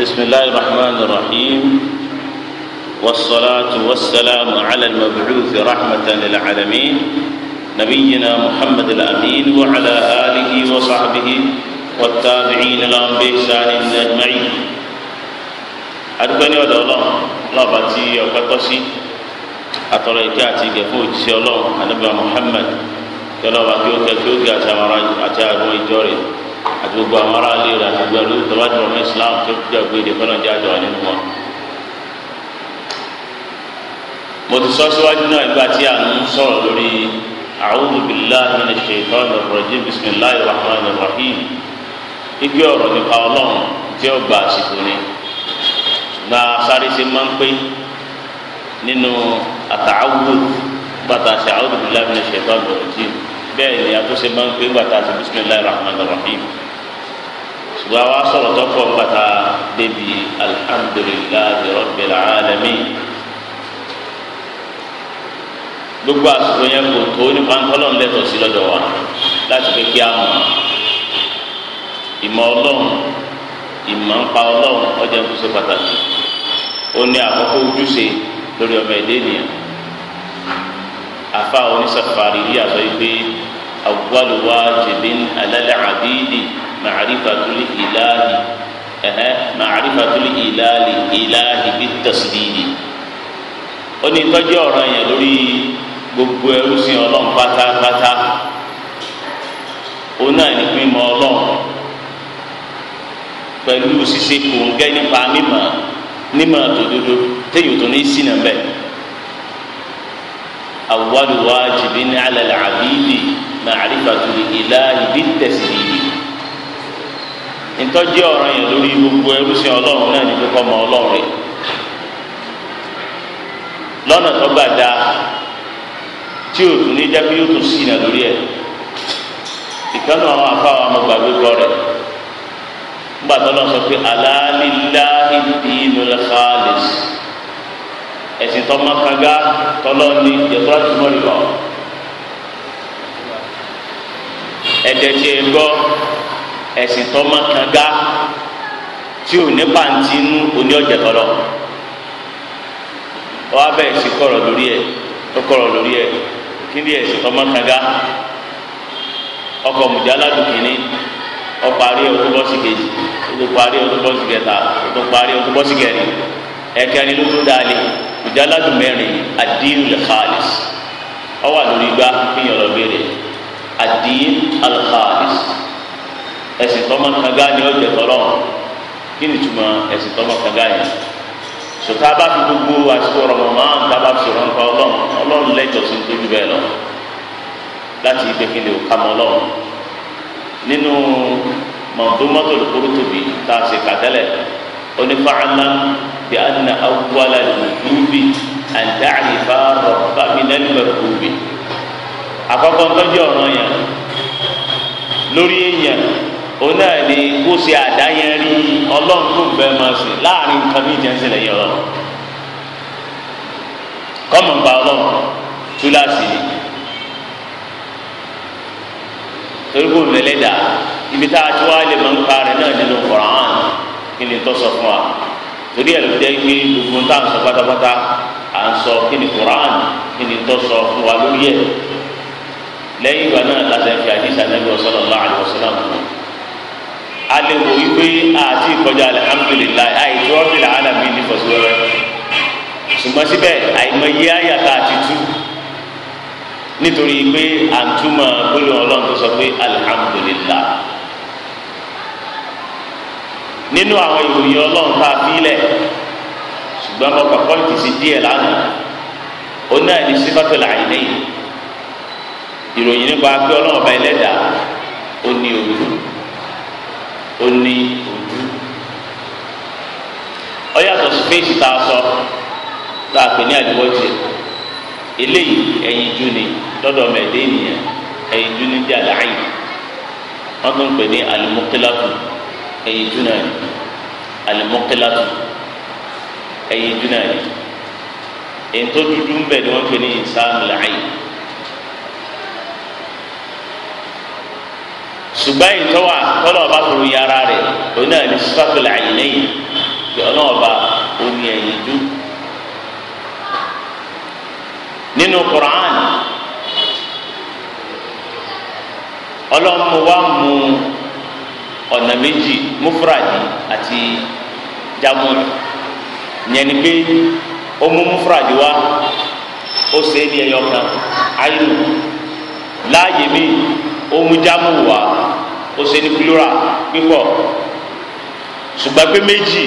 بسم الله الرحمن الرحيم والصلاة والسلام على المبعوث رحمة للعالمين نبينا محمد الأمين وعلى آله وصحبه والتابعين لهم بإحسان أجمعين adúpẹ́ ní الله ọlọ́run lọ́ba tí ọpẹ́ tọ́ sí àtọ̀rọ̀ ìkẹ́ àti ìgẹ̀ fún òjíṣẹ́ ọlọ́run anábìá muhammed kí àti gbogbo àwọn ará ilé rẹ̀ àti gbogbo àlùkò tọ́wájú ọmọ Islam tó jẹ́ ògbé èdè kọ́nà jẹ́ àjọ wà nínú wọn. mo ti sọ síwájú náà ìgbà tí à ń sọ̀rọ̀ lórí a'udhu billahi minash shaitanir rajim bismillahir rahmanir rahim igbe ọ̀rọ̀ nípa ọlọ́run tí ó gba àsìkò ni gba sáré ṣe máa ń pé nínú àtàwùdù bàtà ṣe a'udhu billahi minash shaitanir rajim bẹ́ẹ̀ ni àtúnṣe máa ń pé gbàtà àti bisimilayi rahman rahim ṣùgbọ́n àwa sọ̀rọ̀ tó pọ̀ gbàtà débi alhamdulilayi rabbil alamin gbogbo àsìkò yẹn kò tó nípa ńkọ́lọ́n lẹ́tọ̀ọ́ sí lọ́dọ̀ wa láti pé kí a mọ̀ ìmọ̀ ọlọ́run ìmọ̀ ńpa ọlọ́run ọjà ń kúṣe pàtàkì ó ní àkọ́kọ́ ojúṣe lórí ọmọ ẹ̀dẹ́ ènìyàn afa onísàfàrí yìí àsọ yìí pé awwalu wajibin alal abidi ma'rifatul ilahi ẹhẹ ma'rifatul ilahi ilahi bit tasdidi ó ní tọ́jú ọ̀ràn yẹn lórí gbogbo ẹrú sí ọlọ́run pátápátá òun náà ní mímọ̀ ọlọ́run pẹ̀lú ṣíṣe kòńgẹ́ nípa mímọ̀ mímọ̀ tòdodo téyò tó ní sínú awwalu wajibin alal abidi ma'rifatul ilahi bit-tasbih ntọ́jú ọ̀ràn yẹn lórí gbogbo ẹrú sí ọlọ́run náà ní kíkọ́ mọ ọlọ́run rẹ̀ lọ́nà tó gbà dáa tí o tún ní jẹ́ pé yóò tún sí iná lórí ẹ̀ ìkànnì àwọn afáwọn amọ̀gbàgbé kọ rẹ̀ nígbà tó lọ sọ pé ala lillahi dinul ẹ̀sìn tó mọ́ kanga tọ́lọ́ ní yẹtọ́ àti mọ́rìbọ̀. ẹ̀dẹ̀ tí ẹ gbọ́ ẹ̀sìn tọ́mọ kan gá tí ò ní pàǹtí inú oní ọ̀jẹ̀ tọ̀lọ̀ wọ́n á bẹ̀rẹ̀ sí kọ̀rọ̀ lórí ẹ̀ tó kọ̀rọ̀ lórí ẹ̀ kí ni ẹ̀sìn tọ́mọ kan gá ọkọ̀ mùjáládùn kìíní ọparí ọdún bọ́sì kejì ọdún parí ọdún bọ́sì kẹta ọdún parí ọdún bọ́sì kẹrin ẹ̀kẹrin ló tún dáa lé mùjáládùn mẹ́rin àdínú lè xaalis ọ lọ béèrè àdìyẹ alhalis ẹ̀sìn tọ́mọ kanga ni ọ̀jẹ̀ tọ́lọ́ kí ni túmọ̀ ẹ̀sìn tọ́mọ kanga yẹn sọtá bá fi gbogbo àsìkò Ramadan tá a bá fi sọ̀rọ̀ nípa ọlọ́run ọlọ́run lẹ́jọ́ sí nítorí bẹ́ẹ̀ lọ láti ibẹ̀ kí ni ò ká mọ ọlọ́run nínú mọ̀tòmọ́tò Qurtubi tá a sì kà tẹ́lẹ̀ onífàánà bí a nà awwala lùdúbi àdáàlì bá rọ̀ bá mi lẹ́nu bẹ̀rù kúbi àkọ́kọ́ ńlọ́jọ́ ọ̀ràn yẹn lórí èèyàn òun náà ni kó ṣe àdáyẹnrí ọlọ́run tó ń bẹ máa sìn láàrin nǹkan bí ìjẹun sílẹ̀ yẹn ọlọ́run kọ́mọ̀ ń ba ọlọ́run túláàsì ni torí kò ibi tá a ti wá lè máa ń pa rẹ̀ náà nínú Qur'an kí ni tó sọ fún wa torí ẹ̀ ló jẹ́ pé gbogbo ń tà ń sọ pátápátá à ń sọ kí ni Qur'an kí ni tó sọ fún wa lórí ẹ̀ lẹ́yìn ìgbà náà lásán fi àdìsá nẹ́bí sallallahu alaihi wasallam alẹ́wò wípé àti ìkọjá alhamdulilayi àìtú rabbil alamin ní fọ̀síwẹ́wẹ́ ṣùgbọ́n síbẹ̀ àìmọye àyàtà àti tú nítorí pé àtúmọ̀ gbólóhùn ọlọ́run tó sọ pé alhamdulilayi nínú àwọn ìròyìn ọlọ́run tá a fi lẹ̀ ṣùgbọ́n ọkọ̀ pọ́lìtì sí díẹ̀ lánàá ó náà ní sífàtò làyè lẹ́yìn ìròyìn nípa pé ọlọ́run ọba ẹlẹ́dàá ó ní ojú ó ní ojú ó yàtọ̀ space tá a sọ tá a pè ní àdìwọ́jì eléyìí ẹ̀yìn jú ni lọ́dọ̀ mẹ́ẹ̀dé nìyẹn ẹ̀yìn jú ni di àdáyé wọ́n tún pè ní alimokilatu ẹ̀yìn jú náà ni alimokilatu ẹ̀yìn jú náà ni èyí tó dúdú ń bẹ̀ ni wọ́n pè ní ìsáàmù làáyé. ṣùgbọ́n ìtọ́wà tọ́lọ̀ ọba fòrò yàrá rẹ̀ òun náà ní sífàtò làyè lẹ́yìn kí ọlọ́ọ̀ba omi ẹ̀yìn dú. nínú Qur'an ọlọ́mọ wa mú ọ̀nà méjì mufradi àti jamuri ìyẹn ni pé ó mú mufradi wa ó ṣe é ní ẹyọ kan ayélu láàyè míì omujamu wa ó ṣe ní plural pípọ̀ ṣùgbọ́n pé méjì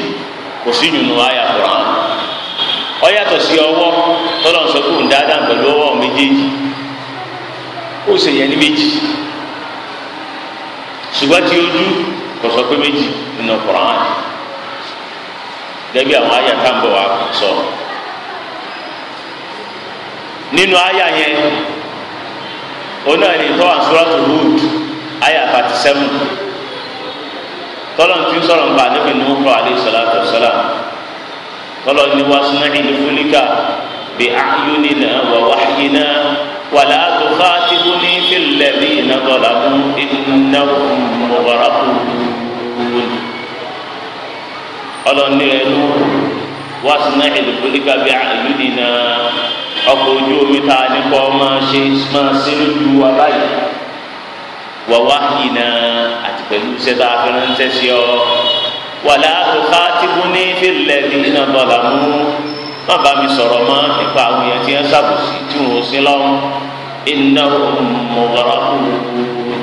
kò sí yùnú àyà kura ọ yàtọ̀ sí ọwọ́ tọ́lọ̀ ń sọ pé òun dáadáa pẹ̀lú ọwọ́ méjèèjì ó ṣe yẹn ní méjì ṣùgbọ́n tí ojú kò sọ pé méjì nínú kura gẹ́gẹ́ àwọn àyà tá à ń bọ̀ wá sọ nínú àyà yẹn ona ni tọ́wà sọ́ràtò Hud aya fati sẹ́mu tọ́lọ̀ tí ń sọ̀rọ̀ nípa níbi ní wọ́pọ̀ alẹ́ sọ́làtò sọ́là tọ́lọ̀ ní wá sínú ìlú fúlíkà bí ayúni náà wà wáyé náà wà láàtò káàtì kú ní fílẹ̀ bí iná fún iná mọ̀gbọ́rọ̀ kú ọlọ́ni rẹ̀ wá sínú ìlú fúlíkà bí ayúni náà ọkọ̀ ojú omi ta ni kọ́ máa ṣe máa ṣe lójú wa báyìí wà wá ìnà àti pẹ̀lú iṣẹ́ tá a fi ránṣẹ́ sí ọ wàlá àtúkà tí kún ní fílẹ̀ ní iná bọ̀là mú má bá mi sọ̀rọ̀ mọ́ nípa àwọn èèyàn tí wọ́n ṣàbòsí tí wọ́n sí lọ́wọ́ iná mọ̀gàrà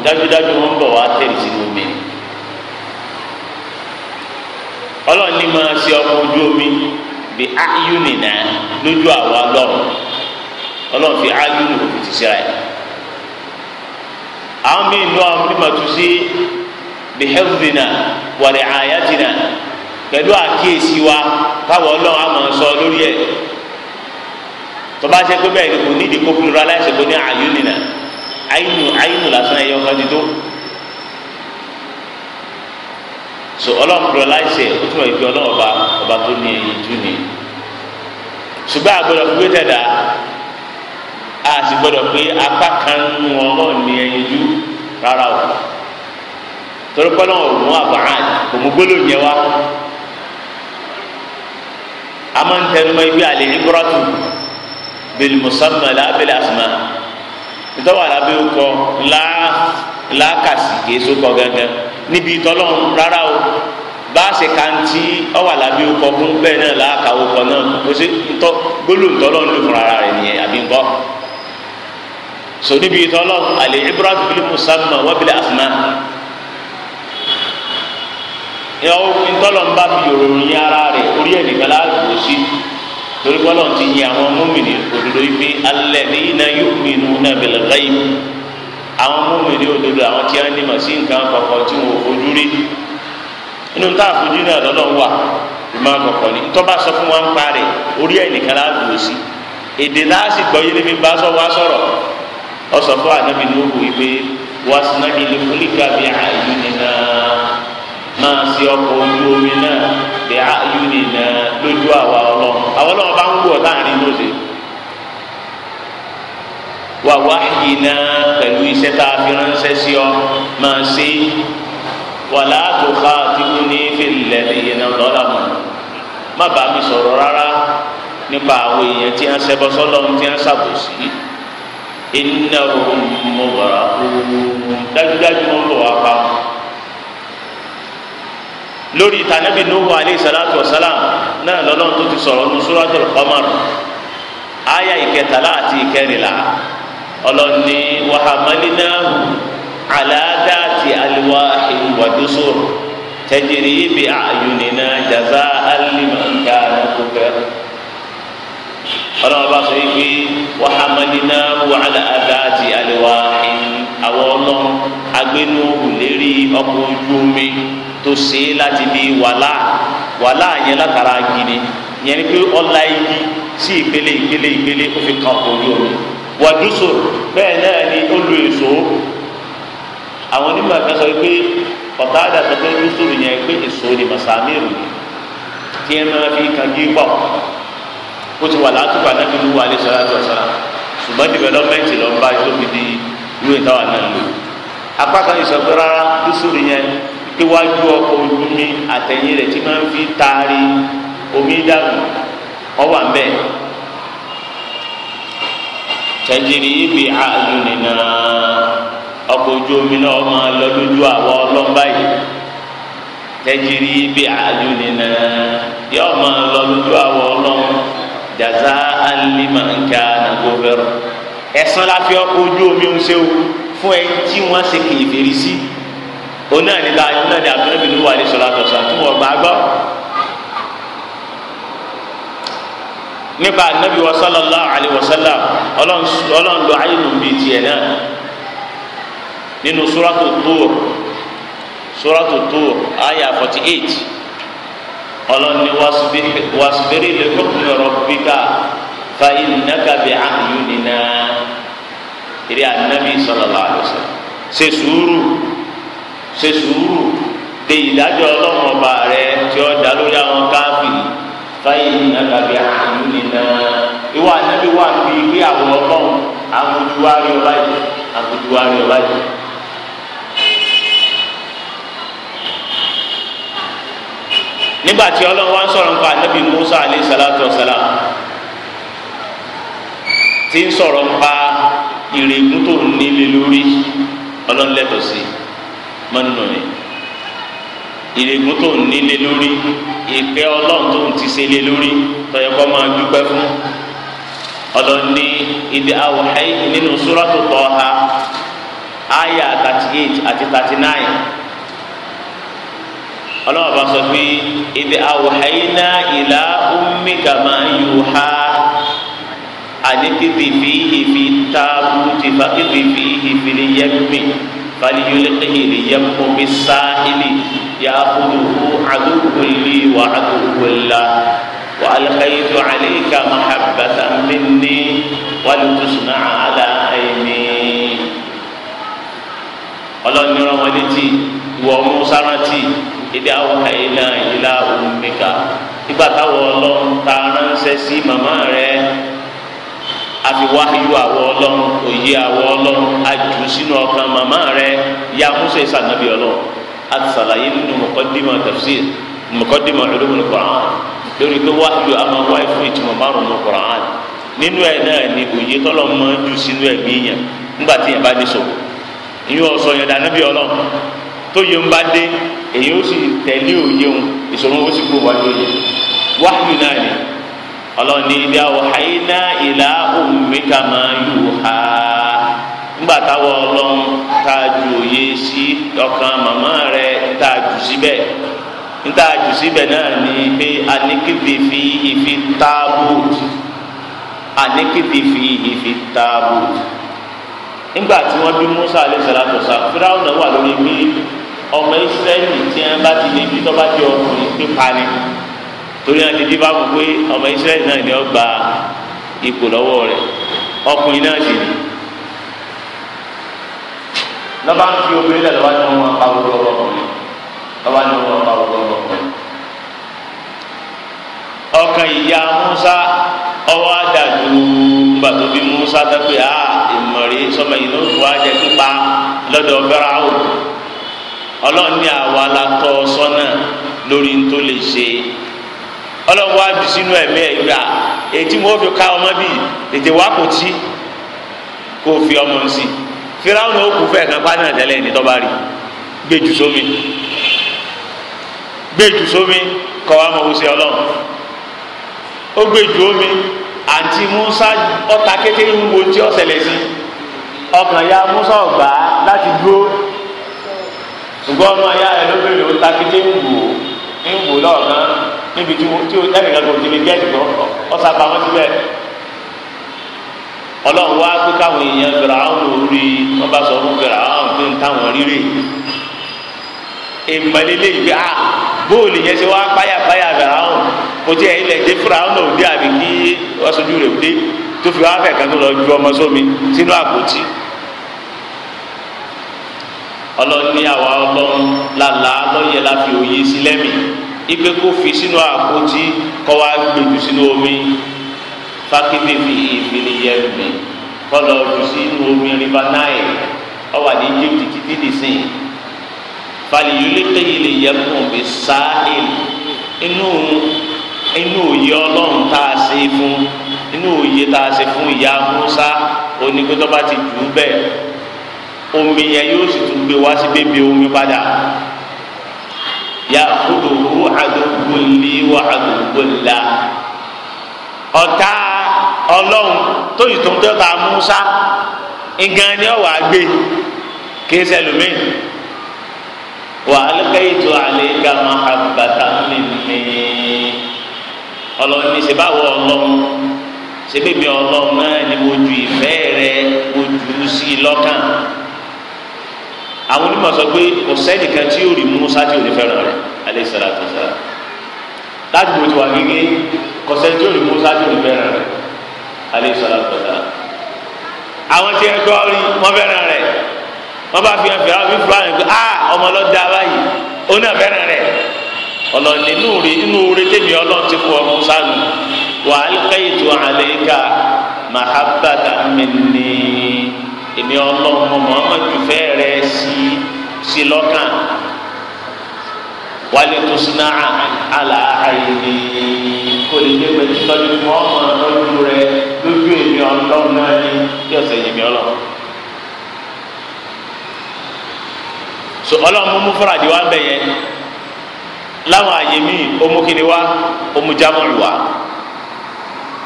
dájúdájú wọn bọ̀ wá tẹ̀lé sínú omi ọlọ́ọ̀ni máa ṣe ọkọ̀ ojú omi bí áyúnìnà lójú àwa lọ́rùn ọlọ́run fi ájú ní òfin ti síra ẹ̀ àwọn míì nù àwọn onímọ̀ tó sí bihẹ́fìnà wàlẹ̀ àyàtìnà pẹ̀lú àkíyèsí wa káwọn ọlọ́run á máa sọ lórí ẹ̀ tọ́ba ṣe pé bẹ́ẹ̀ ni kò ní ìdíkó pluralize kò ní àyù nìna àyìnù àyìnù lásán ẹ̀yọ kan ti tó so ọlọ́run pluralize ó túmọ̀ ìgbé ọlọ́run ọba ọba tó ní ẹ̀yìn jù ní ṣùgbọ́n àgbọ̀dọ̀ fún gbé tẹ̀dá a sì gbọ́dọ̀ pé apá kan ń wọn náà ní ẹyin jú rárá o torí pé náà òun àbáhàn òmùgbólò yẹn wá a máa ń tẹnu mọ́ ibi àlè ìbúrọ́tù bil musamma la bil asma ìtọ́wà lábẹ́ òkọ láàkàsì kìí sókọ gẹ́gẹ́ níbi ìtọ́lọ́run rárá o bá a ṣe ka ń tí ọwà lábẹ́ òkọ fún bẹ́ẹ̀ náà láàkàwọ́ náà kò sí gbólóǹtọ́lọ́run ló fún ara rẹ̀ nìyẹn àbí nǹkan so níbi ìtọ́lọ́ àlẹ́ ibrahim bíi musamma wọ́n bíi asma ìtọ́lọ́ ń bá fi yòròyìn ní ara rẹ̀ orí ẹ̀ nìkan láàbò sí torí bọ́lọ̀ ti yin àwọn múmìnì òdodo yìí pé alladhina yu'minuna bil ghaib àwọn múmìnì òdodo àwọn tí wọ́n ní mà sí nǹkan kọ̀ọ̀kan tí wọ́n fojú rí inú tá a fojú náà lọ́lọ́ wà ìmọ̀ ni tọ́ba sọ fún wa ń parẹ́ orí ẹ̀ nìkan láàbò sí èdè láàsì gbọ́ yé ní mi bá sọ wá sọ̀rọ̀ ọsọ fún anabi nuhu ibe wasinami lè fúli kabi ayu nina máa ṣe ọkọ̀ ojú omi náà lè ayu nina lójú àwa Ọlọ́run àwọn Ọlọ́run bá ń wù ọ láàrin ní òde wà wáyé náà pẹ̀lú iṣẹ́ tá a fi ránṣẹ́ sí ọ máa ṣe wàlá tó ká tìkú ní fìlẹ̀ lẹ́yìn náà lọ́la mọ́ má bàa mi sọ̀rọ̀ rárá nípa àwọn èèyàn tí wọ́n ṣẹbọ sọ́lọ́run tí wọ́n ṣàbòsí innahu mughraqun dájúdájú wọn lọ wá pa lórí ìtànẹ́bí nuhu alayhi salatu wa salam náà lọ́lọ́run tó ti sọ̀rọ̀ ní suratul qamar aya ìkẹtàlá àti ìkẹrìnlá ọlọ́ni wàhámálínáhù aláàdáàtì aliwa ìwàdúsọ tajiri bi a'yunina jaza alima ọlọ́run bá sọ wípé wàhámadínà wàhálà àdáàtì àlewà àwọn ọlọ́run agbénu lérí ọkọ̀ ojú omi tó ṣe é láti di wàhálà wàhálà yẹn látara gini yẹn ni pé ọ̀la igi sí ìpele ìpele ìpele ó fi kan ojú omi wàdúsò bẹ́ẹ̀ náà ni ó lu èso àwọn onímọ̀ ẹ̀ka sọ wípé ọ̀tàdà sọ pé dúsò yẹn pé èso ni màsàmì rò ní tí ẹ máa fi kagi pọ̀ ó ti wà látúkọ anábì lúwọ alẹ́ sọ́lájú ọ̀sán ṣùgbọ́n dìvẹ́lọ́mẹ́ntì lọ bá tóbi di ìlú ìtawà náà lò apá kan ìsọ̀gbẹ́ rárá dúsùrù yẹn iwájú ọkọ̀ ojú mi àtẹ̀yìn rẹ̀ tí máa ń fi taari omi dànù ọwà ń bẹ̀ tẹ̀jìrì ibi àlù nìna ọkọ̀ ojú omi náà máa lọ àwọn ọlọ́mbà yìí tẹ̀jìrì ibi àlù nìna yóò máa lọ àwọn ọlọ́mbà jaza'an liman kana kafir ẹ̀san la fi ọkọ̀ ojú omi ń ṣe o fún ẹ tí wọ́n ṣe kèfèrí sí onáà ní ta onáà ní abdulayi bin wàlẹ̀ sọlá tọ̀sà tí wọ́n gbà gbọ́. nípa anabi wa sallallahu alayhi wa sallam ọlọ́run lọ ayé nù bíi tiẹ̀ náà nínú suratu Tur suratu Tur aya forty eight ọlọ́ni wasubiri lè hukmi rabbika fa innaka bi a'yunina eré anabi sallallahu alaihi wasallam ṣe sùúrù ṣe sùúrù de ìdájọ́ ọlọ́run ọba rẹ tí ó dá lórí àwọn káfíìn fa innaka bi a'yunina ìwà anabi wà ń bi ìgbéyàwó ọlọ́run àbùdùwárí ọba àbùdùwárí ọba nígbà tí ọlọ́run wá ń sọ̀rọ̀ nípa ànábì Musa alayhi salatu wa salam ti ń sọ̀rọ̀ nípa ìrègùn tó nílé lórí ọlọ́run lẹ́tọ̀ sí mọ́nù ni ìrègùn tó nílé lórí ìpẹ́ ọlọ́run tó ti ṣe lé lórí tọ́yẹ kọ́ máa dúpẹ́ fún ọlọ́run ní ìdí awọ̀hẹ́ nínú Suratu Taha aya thirty eight àti thirty nine. ọlọ́wọ́ bá sọ pé ibi awùhàyínà ìlà ummi kama yuha àdékébì fi ìfi ìbí fàkébì fi ìfìlì yẹmí fàlíyólékèyè lè lè yẹ mú á mi lóko yẹmú bí sáìlì yàkùnúhù àdókòlì wà àdókòlà wà a kéye àlè ká ha bàtà mí ní alùkàyèdò àlèkà mahabbata minni wàlùkùsùnà àlà àyìnì. ọlọ́ni rán wọn mú ìwọ ọmọ ìdí awhayna ila ummika nígbà táwọn ọlọ́run ta ránṣẹ́ sí màmá rẹ̀ àfiwáyú àwọ ọlọ́run òye àwọ ọlọ́run àjù sínú ọkàn màmá rẹ̀ ya musa ìsànàbí ọlọ́run àti sàlàyé nínú muqaddima tafsir muqaddima ulumul Qur'an lórí pé wáyú a máa fún ìtumọ̀ márùn-ún Qur'an nínú ẹ̀ náà ni òye tọ́lọ́ máa jù sínú ẹ̀mí yẹn nígbà tí yẹn bá dé sọ tó yẹ ń bá dé èyí ó sì tẹ̀lé òye ń ìṣòro ó sì kú wájú òye wáyù náà ni ọlọ́run ní ibi àwọ̀ àyínà ìlà ma yuha ńgbà táwọn ọlọ́run tá ju òye sí ọkàn màmá rẹ tá jù síbẹ̀ níta jù síbẹ̀ náà ni pé aníkìbì fi ìfi fi ìfi tábùt tí wọ́n bí Musa alayhi salatu wa ọmọ israẹli tí wọn bá ti lè bí tọ́ bá di ọkùnrin pípa ni torí wọn ti di báwo pé ọmọ israẹli náà ni ó gba ipò lọ́wọ́ rẹ̀ ọkùnrin náà sì ni lọ́ba ń fi obìnrin lẹ̀ lọ́ba ní wọn máa pa gbogbo ọkùnrin lọ́ba ní wọn máa pa gbogbo ọkùnrin ọkàn ìyá musa ọwọ́ àdàlù nígbà tó bí musa tó pé a ìmọ̀rí sọmọ yìí ló fọ́ ajẹ́ pípa lọ́dọ̀ fẹ́ràn áwò ọlọ́run ní àwa la tọ́ ọ sọ́nà lórí n tó lè ṣe ọlọ́run wá bì sínú ẹ̀mí ẹ̀ gbà ètí wọn fi ká ọmọ bíi tètè wá kò tí kò fi ọmọ ń sí firawo náà ó kú fẹ́ẹ̀ kan pátánà tẹ́lẹ̀ ní tọ́ba rí gbẹ̀jù sómi gbẹ̀jù sómi kọ́ wa mọ̀ wọ́sẹ̀ ọlọ́run ó gbẹ̀jù omi àǹtí musa ọ̀ta kékeré ń wo tí ọ̀sẹ̀ lẹ̀ sí ọkàn ya musa ọ̀gbà láti dúró ṣùgbọ́n ọmọ ayá rẹ lóbìnrin ó takété ń wò ó ń wò lọ́ọ̀kan níbi tí ó tẹ́lẹ̀ kan kò ti lè jẹ́ ìgbọ́ ọ̀sàpá wọn síbẹ̀ ọlọ́run wá pé káwọn èèyàn gbèrà àwọn orí wọn bá sọ fún gbèrà àwọn pé ń táwọn rírì ìmọ̀lélẹ́ ìgbé a bóòlù yẹn ṣe wá páyàpáyà gbèrà àwọn kò tí ẹ̀ ilẹ̀ dé fúra àwọn náà òde àbí kí wọ́n sojú rẹ̀ òde tó fi wá fẹ̀ kan tó lọ ju ọmọ sómi sínú àpótí ọlọ́ni àwa ọlọ́run lálá lọ́yẹ̀ la fi òye sí lẹ́mì ipe kó fi sínú àpótí kọ́ wa gbèjú sínú omi fákéde fi ìfìlì yẹ mi kọ́lọ̀ jù sínú omi rìbá náì ọwà ní egypt títí di sìn falìyúlé kéyìlè yẹ kùn bí sáàlì inú inú òye ọlọ́run tá a ṣe fún inú òye tá a ṣe fún ìyá musa onígbẹ́tọ́ bá ti jù ú bẹ́ẹ̀ omi yẹn yóò sì tún gbé wá sí bébí omi padà ya'khudhuhu aduwwun li wa aduwwun lah ọ̀tá ọlọ́run tó yìí tó ń dọ́ta Musa nǹkan ni ọ̀wà gbé kìí sẹ́lùmí wa alqaytu alayka mahabbatan minni ọlọ́run ní sèbáwọ̀ ọlọ́run sèbébí ọlọ́run náà ni mo ju ìfẹ́ rẹ mo jù sí lọ́kàn àwọn onímọ̀ sọ pé kò sẹ́nìkan tí yóò rí Musa tí ò ní fẹ́ràn rẹ̀ alẹ́ sara tó sara láti bò tí wà gégé kò sẹ́ni tí yóò rí Musa tí ò ní fẹ́ràn rẹ̀ alẹ́ sara tó sara àwọn tí ẹ gbọ́ rí wọ́n fẹ́ràn rẹ̀ wọ́n bá fi hàn fìlà wọ́n fi fìlà yẹn pé a ah, ọmọ ọlọ́dà báyìí ó náà fẹ́ràn rẹ̀ ọlọ́run nínú rí inú rí tèmi ọlọ́run ti fún ọmọ sánú wa alqaytu alayka mahabbatan minni èmi ọlọ́mọ muhammadu fẹ́ rẹ sí sí lọ́kàn wálé tó sinna àlà kò lè dé pẹ̀lú tọ́jú mọ́mọ́ lójú rẹ lójú èmi ọlọ́run náà ni bí ọ̀sẹ̀ èmi ọlọ́run. so ọlọ́run mú fúradì wá bẹ̀ yẹn láwọn àyèmí omukiri wa omujamuru wa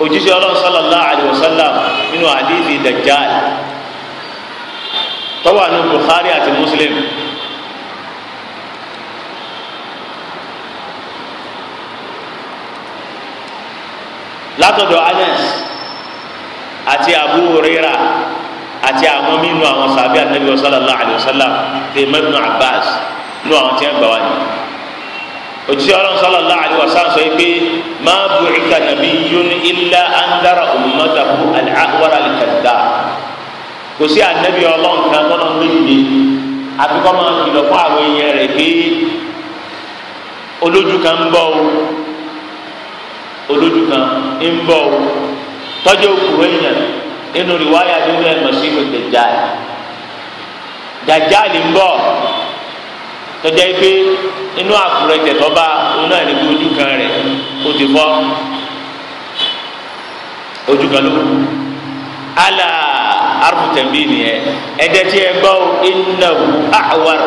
òjíṣẹ́ ọlọ́run sallallahu alaihi wasallam nínú àdìsí dajjal tọ́wà ní Bukhari àti Muslim látọ̀dọ̀ Anas àti Abu Huraira àti àwọn mímu àwọn sàbí àtẹ̀bí sallallahu alayhi wa sallam lè mẹ́nu Abbas nù àwọn tí wọ́n gbà wá ní. òjíṣẹ́ ọlọ́run sallallahu alayhi wa sallam sọ yìí pé ma bu'itha nabiyyun illa andara ummatahu al-ahwara al kò sí ànábì ọlọ́run kan tọ́nà méjìlé àfi kọ́ máa kìlọ̀ fún àwọn èèyàn rẹ̀ pé olójú kan ń bọ̀ o olójú kan ń bọ̀ o tọ́jú òkúrò èèyàn nínú rìwáyà nínú ẹ̀mọ̀ sí ìpètè jáì dàjáàlì ń bọ̀ tọ́jú pé inú àkùrẹ́ tẹ̀tọ́ba òun náà ní ojú kan rẹ̀ ti fọ́ ojú harufu tẹ̀m̀bì nìyẹn eh. ẹ̀dẹ́ tí ẹ gbọ́ ìnáwó àwàr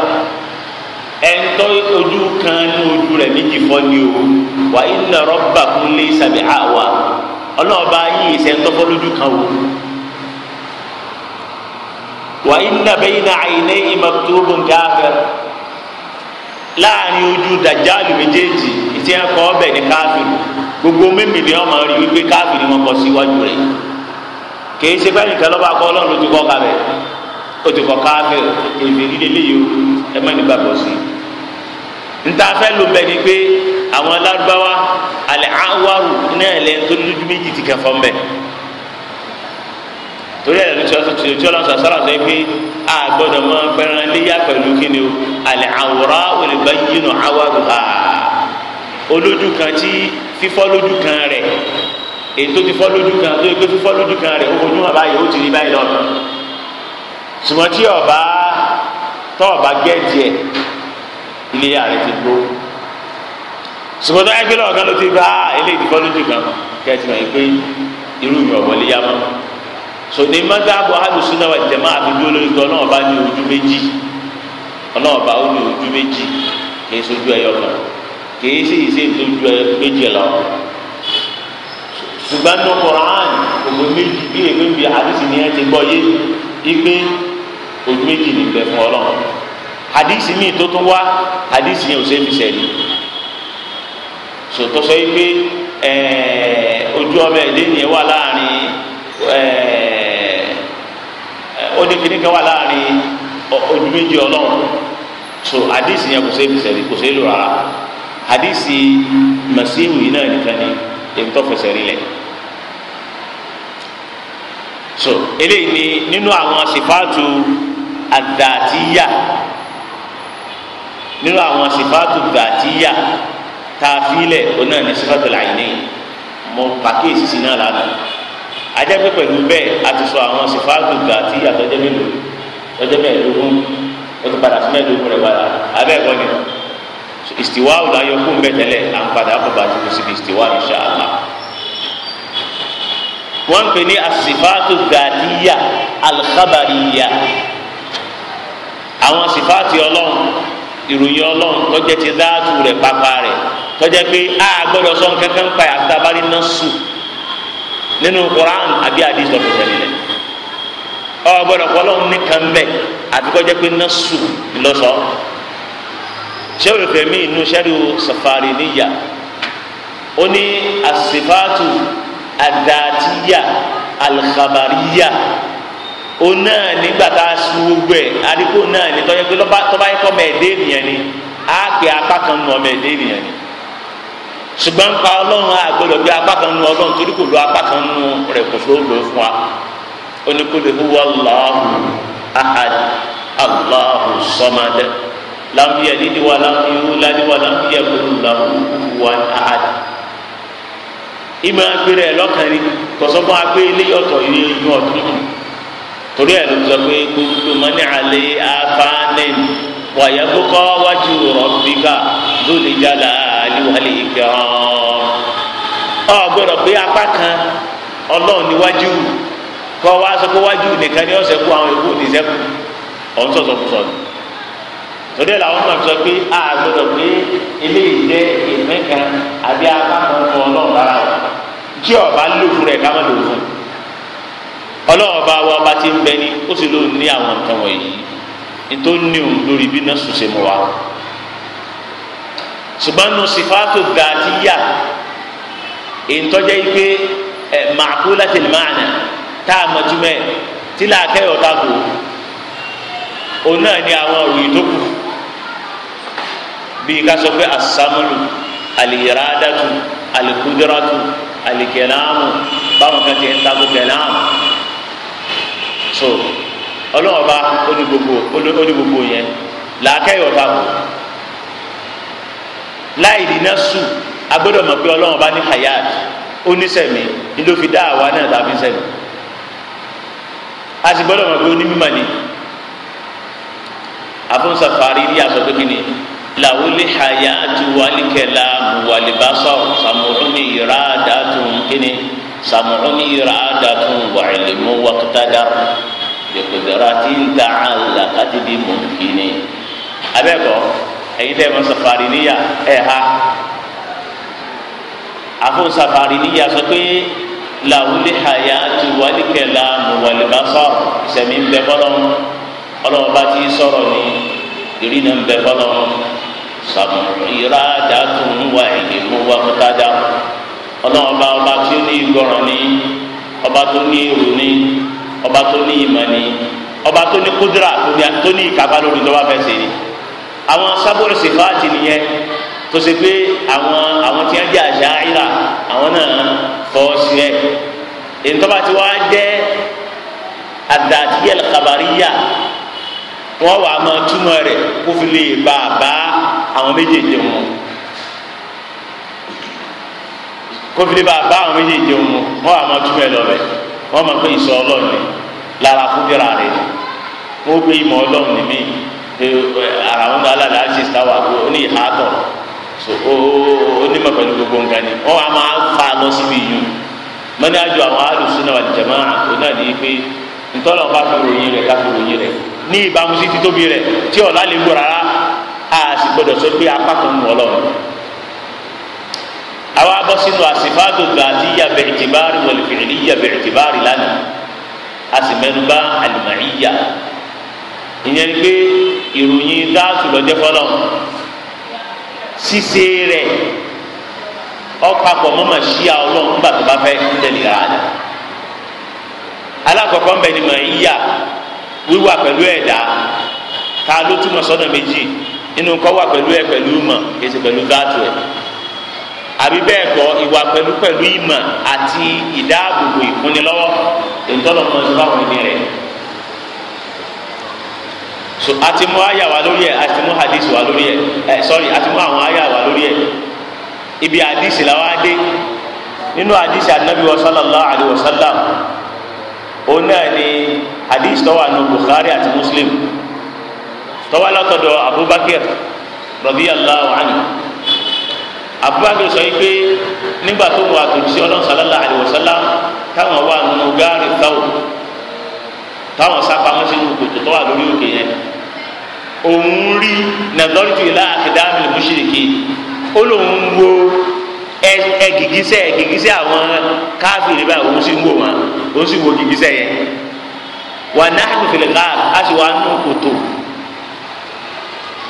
ẹ̀ńtọ́ ojú kan ní ojú rẹ̀ méjì fọ́ ni o wà ìnà rọ́bà kún lé sàbí àwà ọlọ́ọ̀bá yìí ìṣẹ̀ńtọ́fọ́ lójú kan o wà ìnà bẹ́yìnà àyìnlẹ́ ìmọ̀tóbù káfẹ́ láàrin ojú dàjáàlù méjèèjì ìtí ẹ̀kọ́ ọbẹ̀ ní káfíìn gbogbo mímì ni rí wípé káfíìn ni wọ́n kọ síwájú rẹ̀ yìí kì í ṣe pé nìkan lọ́ba kọ́ ọlọ́run ló ti kọ́ kalẹ̀ ó ti kọ́ káfẹ́ èmi líle léyìí o ẹ má nígbà bọ̀ sí i. nta fẹ́ ló bẹ ni pé àwọn alárúbáwá alẹ́ awaru náà lẹ tó lójú méjì ti kẹfọ́ mbẹ torí ẹ̀rọ tí ọlọ́run sọ sọ́ra sọ pé a gbọ́dọ̀ mọ pẹ́ran léyà pẹ̀lú kíni o alẹ́ àwòrán olùgbà yìí nù awaru ha olójú kan tí fífọ́ lójú kan rẹ̀ èyí tó ti fọ́ lójú kan tó yẹ pé fífọ́ lójú kan rẹ̀ ó fojú hàn báyìí ó ti rí báyìí lọ́nà ṣùgbọ́n tí ọba tọ́ ọba gẹ́ẹ̀tì ẹ̀ ilé yàrá ti gbó ṣùgbọ́n tó yẹ pé lọ́ọ̀kan ló ti bá ah, eléyìí ti fọ́ lójú kan kẹ́ẹ̀tì mọ̀ pé irú mi ọ̀wọ́ lè yá mọ́ sọdẹ mọ́tàbọ̀ alùsùnà wà jẹ̀mọ́ àdúgbò lórí gan náà bá ní ojú méjì ọlọ́wọ́ bá ní ojú méjì kì í sojú ẹyọ kan kì í sì í sí ojú ẹyọ méjì lọ ṣùgbọ́n ní Qur'an òwe méjì bí èwe ń bi hadith ni ẹ ti gbọ́ yé igbe òwe méjì ní bẹ fún Ọlọ́run hadith mi tó tún wá hadith yẹn ò ṣe é fi sẹ́ni sòtò sọ yìí pé ojú ọmọ ẹ̀dẹ́ yẹn wà láàrin oníkìní kan wà láàrin ojú méjì Ọlọ́run so hadith yẹn kò ṣe é fi sẹ́ni kò ṣe é lò rárá hadith masihu yìí náà nìkan ni ebi tó fẹsẹ̀ rí lẹ̀ so eléyìí ni nínú àwọn sifaatu adàtíyà nínú àwọn sifaatu adàtíyà tààfilẹ̀ onáà ní sifaatu làyìnì mo pàkíyèsí sí náà lánàá ajẹ́pẹ́ pẹ̀lú bẹ́ẹ̀ a ti sọ àwọn sifaatu adàtíyà tọ́jẹ́ mélòó tọ́jẹ́ mẹ́ẹ̀ẹ́dógún ó ti padà sí mẹ́ẹ̀ẹ́dógún rẹ̀ padà abẹ́ẹ̀kọ́ ni ìsìwá ọ̀làyọ kó ń bẹ tẹ́lẹ̀ à ń padà bọ̀ bá ti kú síbi ìsìwá insha Allah. wọ́n ń pè ní asifáàtù dàdíyà alkhabariya àwọn sifaati ọlọ́run ìròyìn ọlọ́run tọ́jẹ́ ti dáàtú rẹ̀ pápá rẹ̀ tọ́jẹ́ pé a gbọ́dọ̀ sọ kankan pa àtàbárí náà sùn nínú Quran àbí hadith tó fẹsẹ̀ nílẹ̀ ọ gbọ́dọ̀ kọ́ ọlọ́run nìkan bẹ́ẹ̀ àbíkọ́jẹ́ pé náà sùn ńlọ́sọ̀ọ́ sẹ́wọ̀n ìfẹ̀mí inú sẹ́rí safari níyà ó ní àsìfáàtù àdàtìyà alìkàbàríyà ó náà nígbà tá a sun gbogbo ẹ̀ àdìpọ̀ náà ní tọ́jú pé tọ́ba yẹn kọ́ ọmọ ẹ̀dẹ́ ènìyàn ni á pè apá kan nu ọmọ ẹ̀dẹ́ ènìyàn ni ṣùgbọ́n pa ọlọ́run á gbọ́dọ̀ pé apá kan nu ọlọ́run torí kò lo apá kan nu rẹ̀ kò fún òòlù fún wa ó ní kó lè hu wàlláhu ahad allahu sọmadẹ lam yalid wa lam yulad wa lam yakun lahu kufuwan ahad ìmọ̀ agbèrè ẹ̀ e lọ́kànrin tọ̀sọ́gbọ́n agbé ilé ọ̀tọ̀ ilé inú ọ̀tún yìí torí ẹ̀ e pé gbogbo mọ́ni àlẹ́ afáàní wàyẹ̀kọ́kọ́ wájú rabbika lóde jàlá àlùwálé ìkẹ́rán ọ̀ gbọ́dọ̀ pé apá kan ọlọ́run níwájú kọ́ wá sọ wájú nìkan ni ọ̀sẹ̀ kú àwọn èkó òdìsẹ́kù ọ̀ ń sọ̀tọ̀ fún lórí ẹ̀ làwọn máa sọ pé a gbọdọ̀ pé eléyìí jẹ́ ìpín kan àbí abákan fún ọlọ́run rárá o kí ọba lò fún rẹ̀ ká má lò fún ọlọ́run ọba wa ọba ti ń bẹ ní ó sì ló ní àwọn nǹkan wọ̀nyí ètò ní òun lórí bí náà sùn mọ́ wa ṣùgbọ́n nù sífàtò dàtíyà ìtọ́jẹ́ ike ẹ̀ màkú láti lè máa nà tá a mọ̀túmẹ̀ tí làákẹ́yọ̀ ta kù òun náà ní àwọn òròyìn tó kù bíi ká sọ pé asamulu aliyiradatu alikudiratu alikẹlaamu báwọn kan ti ń tako so ọlọ́wọ́ bá ó ní gbogbo yẹn làákẹ́yọ̀ tako láì dínà sùn agbọ́dọ̀ mọ̀ pé ọlọ́wọ́ bá ní hayat ó ní sẹ̀mí ni ló fi dá àwa náà tàbí sẹ̀mí a sì gbọ́dọ̀ mọ̀ pé ni àfọ̀nsàfàrí ní àsọ̀tò lawuli hayatu walikelamu walibasar samucuni iraadatun kini samucuni iraadatun wacilimu waqtadar biqudratin tacallaqat bimumkini abeeko ẹ̀yin tẹ́ mọ̀ safariniya ẹ ha afun safariniya sọ pé lawuli hayatu walikelamu walibasar sẹmi bẹ fọlọ ọlọmọba ti sọ̀rọ̀ ni irina bẹ fọlọ sàmù ìrà dàtún wà ìdìbò wà mọ́tàdá ọlọ́run ọba ọba tí ó ní ìgbọràn ní ọba tó ní èrò ní ọba tó ní ìmọ̀ ní ọba tó ní kúdúrà tó ní ìkápá lórí tó bá fẹ́ ṣe ni àwọn sábòrò sèfáàtì nìyẹn tó ṣe pé àwọn àwọn tí wọ́n jẹ́ àṣà ìrà àwọn náà fọ́ sí ẹ̀ èyí tó bá ti wá jẹ́ àdàtìyẹ̀lẹ̀ kàbàríyà wà á máa túmọ̀ rẹ̀ kó fi àwọn méjèèjì wọn kófìlì bá bá àwọn méjèèjì wọn wọn wà máa túmọ̀ ẹ lọ bẹ wọn máa pé ìsọ ọlọ́run ni lára fúnjẹra rẹ wọn gbé ìmọ̀ ọlọ́run ni mí ara wọn gba aládàá ṣe sáwà o ní ìhà tọ̀ so ó onímọ̀ pẹ̀lú gbogbo nǹkan ni wọn wà máa fa lọ síbi yìí mọ́ni àjọ àwọn alùsùn wal jamaa náà ní pé ntọ́lọ́ bá fi ròyìn rẹ̀ ká fi ròyìn rẹ̀ ní ìbámu sí títóbi rẹ̀ tí ọ̀la lè gbọ́ rárá a sì gbọdọ̀ sọ pé apá kan ń wọ lọ́wọ́ àwa bọ́ sínú àsìfáàdù gàdíyà bẹ̀rẹ̀tìbárì wal fi'liyya bẹ̀rẹ̀tìbárì lánàá a sì mẹ́nubà àlùmáyíyà ìyẹn pé ìròyìn dáàtù lọ́jẹ́ fọlọ́ ṣíṣe rẹ̀ ọ̀pàpọ̀ mọ́mọ́ sí a ọlọ́run nígbà tó bá fẹ́ tẹ̀lé ara rẹ̀ alákọ̀ọ́kọ́ ń bẹ ni mọ̀ ń yà wíwà pẹ̀lú ẹ̀dá ta ló túmọ̀ sọ́nà méjì inú kọ́ wà pẹ̀lú ẹ pẹ̀lú mọ̀ kìí ṣe pẹ̀lú dáàtò ẹ̀ àbí bẹ́ẹ̀ kọ́ ìwà pẹ̀lú pẹ̀lú ìmọ̀ àti ìdáàbòbò ìfúnnilọ́wọ́ ìtọ́lọ́mọ sí báwọn ẹni rẹ̀ so àti mú àyà wa lórí ẹ̀ àti mú hadith wa lórí ẹ̀ ẹ̀ sorry àti mú àwọn àyà wa lórí ẹ̀ ibi hadith la wá dé nínú hadith anabi wa sallallahu alayhi wa sallam òun náà ni hadith tó wà nù Bukhari àti Muslim tọ́wá látọ̀dọ̀ abubakar radiyallahu anhu abubakar sọ yìí pé nígbà tó wà tó sí ọlọ́run sallallahu alaihi wasallam táwọn wà nínú gáàrí táwọn táwọn sápamọ́ sínú kòtò tó wà lórí òkè yẹn òun rí nàdọ́rìtì ilá àkìdáàmì lùmúṣìrìkì ó lóun wo ẹgìgísẹ̀ ẹgìgísẹ̀ àwọn káfíìrì báyìí òun sì ń wò wọn òun sì wo gìgísẹ̀ yẹn wà náà kò fìlẹ̀ káà á sì wà nínú kòtò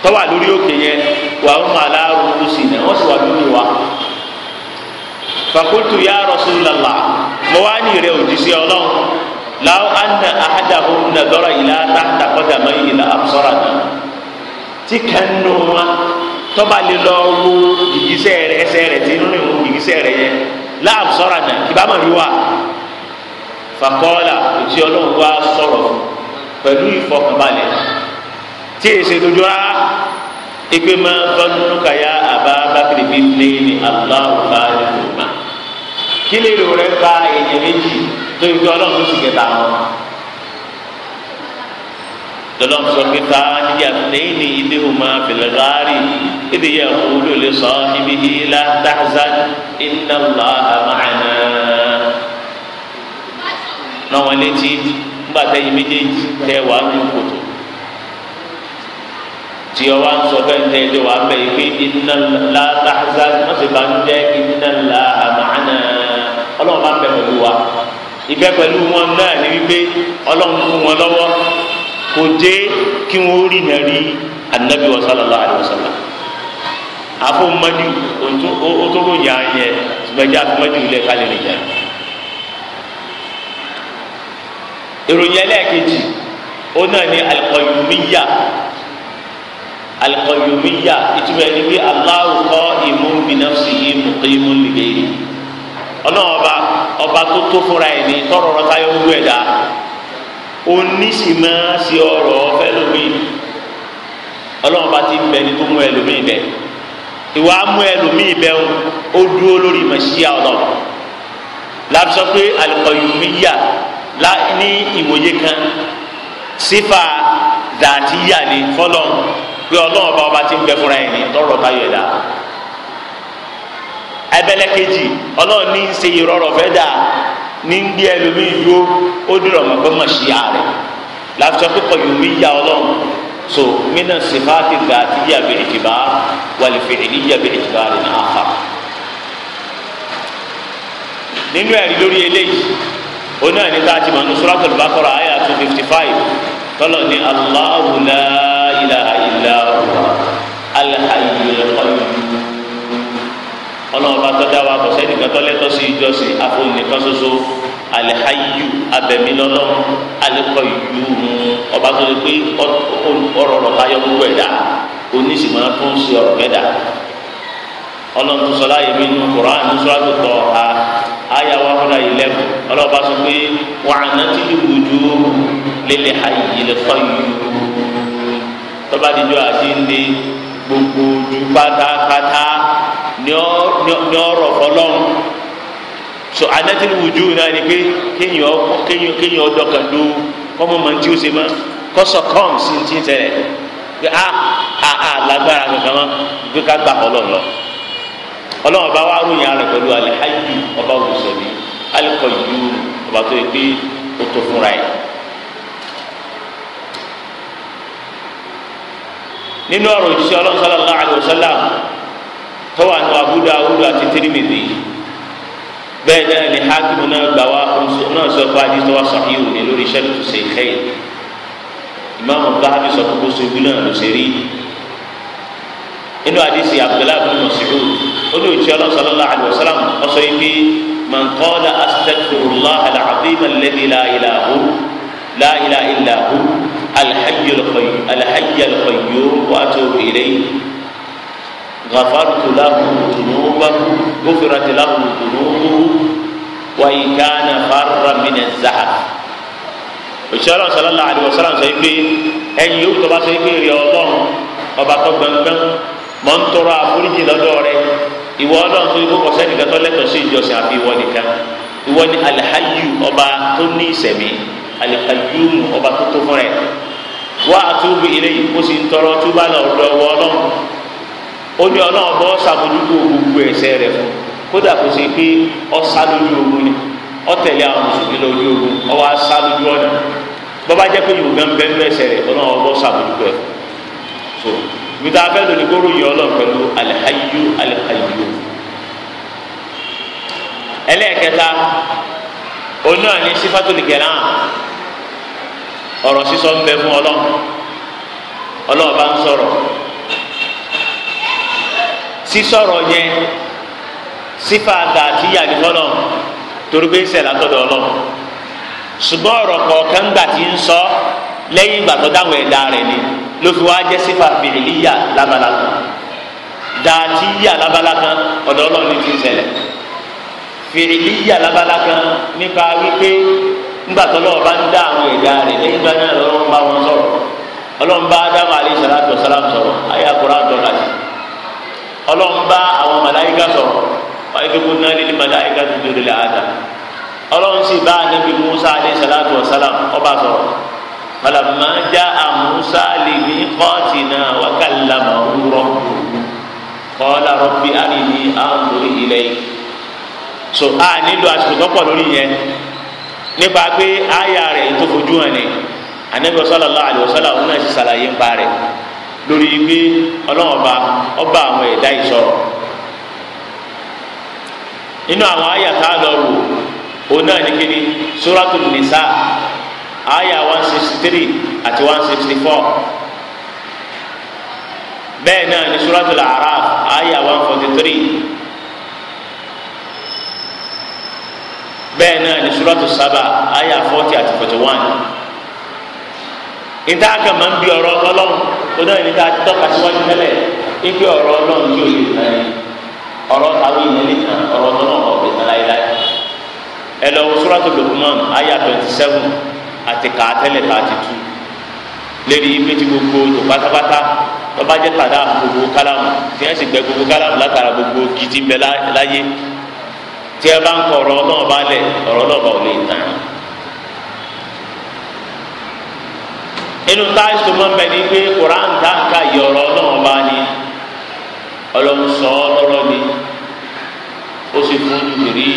tọ́wà lórí òkè yẹn wà ó mà láàrú lùsì náà wọ́n sì wà lórí wa. fakultu ya rasulallah mo wá ní ìrẹ òjíṣẹ́ ọlọ́run láwọn anna ahadahum nadara ila tahta qadamai la absarana tí kanu wa tọ́ba lè lọ wo gìgísẹ̀ rẹ̀ ẹsẹ̀ rẹ̀ tí nínú ìwọ̀n gìgísẹ̀ rẹ̀ yẹn la absarana ìbámu rí wa fakọ́lá òjíṣẹ́ ọlọ́run wá sọ̀rọ̀ pẹ̀lú ìfọkànbalẹ̀ tí èsè lójú rárá ìpè máa bá nínú kàyà àbá bákìrì bíi lẹ́yìn aláwọ̀ bá nínú ma kí lè lò rẹ bá èèyàn méjì tó yẹ kí ọlọ́run sì kẹta wọn lọ́lọ́run sọ pé ta níbi àtìlẹ́yìn ní ilé òmà fìlẹ́gárì ìdí yẹ kó ló lè sọ ibi ìlà dáhùzán iná lọ àmàlà náà wọn létí ńgbà tẹ́yìn méjèèjì tẹ́ wàá ní kòtò tí o wá ń sọ fẹ́ tẹ́ ẹjọ́ wa bẹ́ẹ̀ yìí pé iná la tàhásá wọ́n sì bá ń jẹ́ iná la àmàánà ọlọ́run bá ń bẹ pẹ̀lú wa ìbẹ́ pẹ̀lú wọn náà ni wípé ọlọ́run fún wọn lọ́wọ́ kò dé kí wọ́n rí nà rí anabi wa sallallahu alayhi wa sallam àfọ mmadu otobo yàn yẹ sùgbẹ́jà àfọ mmadu lẹ kálẹ̀ lè jẹ ìròyìn ẹlẹ́ẹ̀kejì ó náà ní alikọ̀yùmíyà alikọyọmiya ìtumọ̀ ẹni bí Allahu qa'imun bi nafsihi muqimun li ghayri ọlọ́run ọba ọba tó tó fúnra ẹ̀ ní tọrọ ọ̀rọ̀ táyọ̀ wú ẹ̀dá onísìmọ́ sí ọ̀rọ̀ ọ̀fẹ́ lómi ọlọ́run ọba ti bẹ ní tó mú ẹlòmí bẹ ìwà mú ẹlòmí bẹ ó dúró lórí màṣíà ọlọ́run láti sọ pé alikọyọmiya ní ìwòye kan sífà dàtíyà ní fọlọ́run pé ọlọ́run ọba ọba ti ń bẹ fúnra ẹ̀ ní tọrọ táyọ̀ ẹ̀dá abẹ́lẹ́ kejì ọlọ́run ní í ṣe ìrọ̀rọ̀ fẹ́ dà ní ń gbé ẹlòmíì dúró ó dúró ọmọ pé mọ̀ sí ya rẹ̀ láfíà pé kọ̀yọ̀ mi ya ọlọ́run so mina sifati gati ya bi itiba wali fi'ili ya bi itiba rẹ̀ ní afa nínú ẹ̀rí lórí eléyìí oní ẹ̀rí tá a ti mọ̀ ní suratul Baqara àyà fifty five tọ́lọ̀ ní Allahu la. ọlọ́run bá tọ́jà wa kò sẹ́ni kan tọ́lẹ́tọ́ sí ìjọsìn àfọ̀nìkan ṣoṣo alihayu abẹ̀mí lọ́lọ́run alikọ̀yùmù ọba tó lè pé ọ̀rọ̀ ọ̀rọ̀ tayọ gbogbo ẹ̀dá oníṣìmọ̀ tó ń ṣe ọ̀rọ̀ mẹ́ta ọlọ́run tó sọ láàyè mi nù Qur'an ní sọ́dọ̀ tọ̀ ha ayé wa fúnra yìí lẹ́kù ọlọ́run bá sọ pé wàhánà ti di wùdú lélẹ̀ ayé lẹ́kọ̀yù tọ́ba ní ọ̀rọ̀ fọlọ́run so anatil wujú náà ni pé kéèyàn kéèyàn kéèyàn ọdọkàn ló kọ́mọ mọ̀ tí ó ṣe mọ́ kọ́sọ̀ kọ́m sí ti ń tẹ̀lé pé a ah, a ah, a ah, lágbára kankan mọ́ pé ká gbà ọlọ́run lọ ọlọ́run ọba wa ròyìn ara pẹ̀lú alihayi ọba olùsọ̀bí alikọ̀yù ọba tó yẹ pé ó tó fúnra yìí. nínú ọ̀rọ̀ òjíṣẹ́ ọlọ́run sallallahu alaihi wasallam tọ́wọ́ àná Abu Dawud àti Tirmidhi bẹ́ẹ̀ náà ni hakimu náà gbà wá náà sọ fún adi tọ́wọ́ sàhíhù ní lórí sẹ́ni tó ṣe kẹ́yìn ìmáàmù Zahabi sọ fún gbósò ìlú náà ló ṣe rí inú àdìsí Abdullahi bin Mas'ud ó ní òjì sallallahu alaihi wasallam ọ̀sọ́ yìí bí man qala astaghfirullah al-azim alladhi la ilaha la ilaha illa غفرت له ذنوبه غفرت له ذنوبه وإن كان فرا من الزحف. òṣìṣẹ́ ọlọ́run sọlá àdìbò sọlá sọ pé ẹ̀yin yòówù tó bá sọ pé èrè ọlọ́run ọba tó gbẹngbẹ́n mọ̀ ń tọrọ àforíjì lọ́dọ̀ rẹ ìwọ ọlọ́run tó ikú kọ̀sẹ́ nìkan tó lẹ́tọ̀ọ́ sí ìjọsìn àfi ìwọ nìkan ìwọ ni alihayu ọba tó ní ìsẹ̀mí alihayu ọba tó tó fún rẹ wá àtúbù ilé yìí kó sì ń tọrọ túbà lọ́dọ̀ ọlọ́run ó ní ọlọ́run bọ́ ṣàbójútó gbogbo ẹ̀ṣẹ̀ rẹ̀ fún kódà kó ṣe pé ọ sá lójú ogun ni ọ tẹ̀lé àwọn mùsùlùmí lójú ogun ọ wá sá lójú ọ̀nà bọ́bá jẹ́ pé yorùbá ń bẹ́ẹ̀ mẹ́sẹ̀ rẹ̀ ọlọ́run bọ́ ṣàbójútó ẹ̀ so gbígbá abẹ́ lóni kóró yìí ọlọ́run pẹ̀lú alihayyu alihayyu ẹlẹ́ẹ̀kẹta onú àní sífàtòlì gẹ̀rán ọ̀rọ̀ sísọ ń bẹ fún ọlọ́run ọlọ́run bá ń sọ̀rọ̀ sísọ̀rọ̀ yẹn sífà dàtíyà ní fọlọ́ torí pé sẹ̀ látọ̀dọ̀ ọlọ́run ṣùgbọ́n ọ̀rọ̀ kọ̀ọ̀kan gbà tí ń sọ lẹ́yìn ìgbà tó dáhùn ẹ̀dá rẹ̀ ni ló fi wá jẹ́ sífà fìlíyà lábala kan dàtíyà lábala kan ọ̀dọ̀ ọlọ́run ní ti ń ṣẹlẹ̀ fìlíyà lábala kan nípa wípé nígbà tó lọ́wọ́ bá ń dá àwọn ẹ̀dá rẹ̀ lẹ́yìn ìgbà náà lọ́wọ́ ń bá wọn sọ̀rọ̀ ọlọ́run bá Ádámù alayhi salatu wa salam sọ̀rọ̀ ayé àkùrá àtọ̀ láti ọlọ́run bá àwọn màláyíká sọ̀rọ̀ wàlíkẹ́kù náà lè ní màláyíká tó dúró lè àdá ọlọ́run bá anábì musa alayhi salatu wa salam ọba sọ̀rọ̀ falamma jaa musa lè ní kọ́ọ̀tì náà wa kallamahu rabbuhu qala rabbi arini anzur ilayk so a nílò àsìkò tó pọ̀ lórí yẹn nípa pé àyà rẹ̀ tó fojú hàn ní anábì sallallahu alayhi wa sallam òun náà sì ṣàlàyé ń pa lórí bí ọlọ́ọ̀ba ọba àwọn ẹ̀dá ìsọ̀rọ̀ nínú àwọn àyà tá a lọ wò òun náà ní kíni suratul nisa àyà one sixty three àti one sixty four bẹ́ẹ̀ náà ní suratul araf àyà one forty three bẹ́ẹ̀ náà ní suratul saba àyà forty àti forty one ìta àgbà máa ń bi ọ̀rọ̀ ọlọ́run tó náà níta tọ́ka síwájú tẹ́lẹ̀ ibi ọ̀rọ̀ ọlọ́run tí ò lè tán yìí ọ̀rọ̀ táwọn èèyàn lè tán ọ̀rọ̀ ọlọ́run ọ̀bẹ tán láéláé ẹ lọ sùràtò Luqman àyà twenty seven àti kàá tẹ́lẹ̀ thirty two lérí ibi tí gbogbo tó pátápátá tọ́ba jẹ́ tàdá gbogbo kálámù tí wọ́n sì gbẹ gbogbo kálámù látara gbogbo gidi bẹ láyé tí ẹ bá ń kọ ọ̀rọ̀ ọlọ́run inú táyì tó máa ń bẹ ní pé koran dáńkà yọrọ náà bá ní ọlọmọsọ lọrọ ni ó sì fún jùbìrì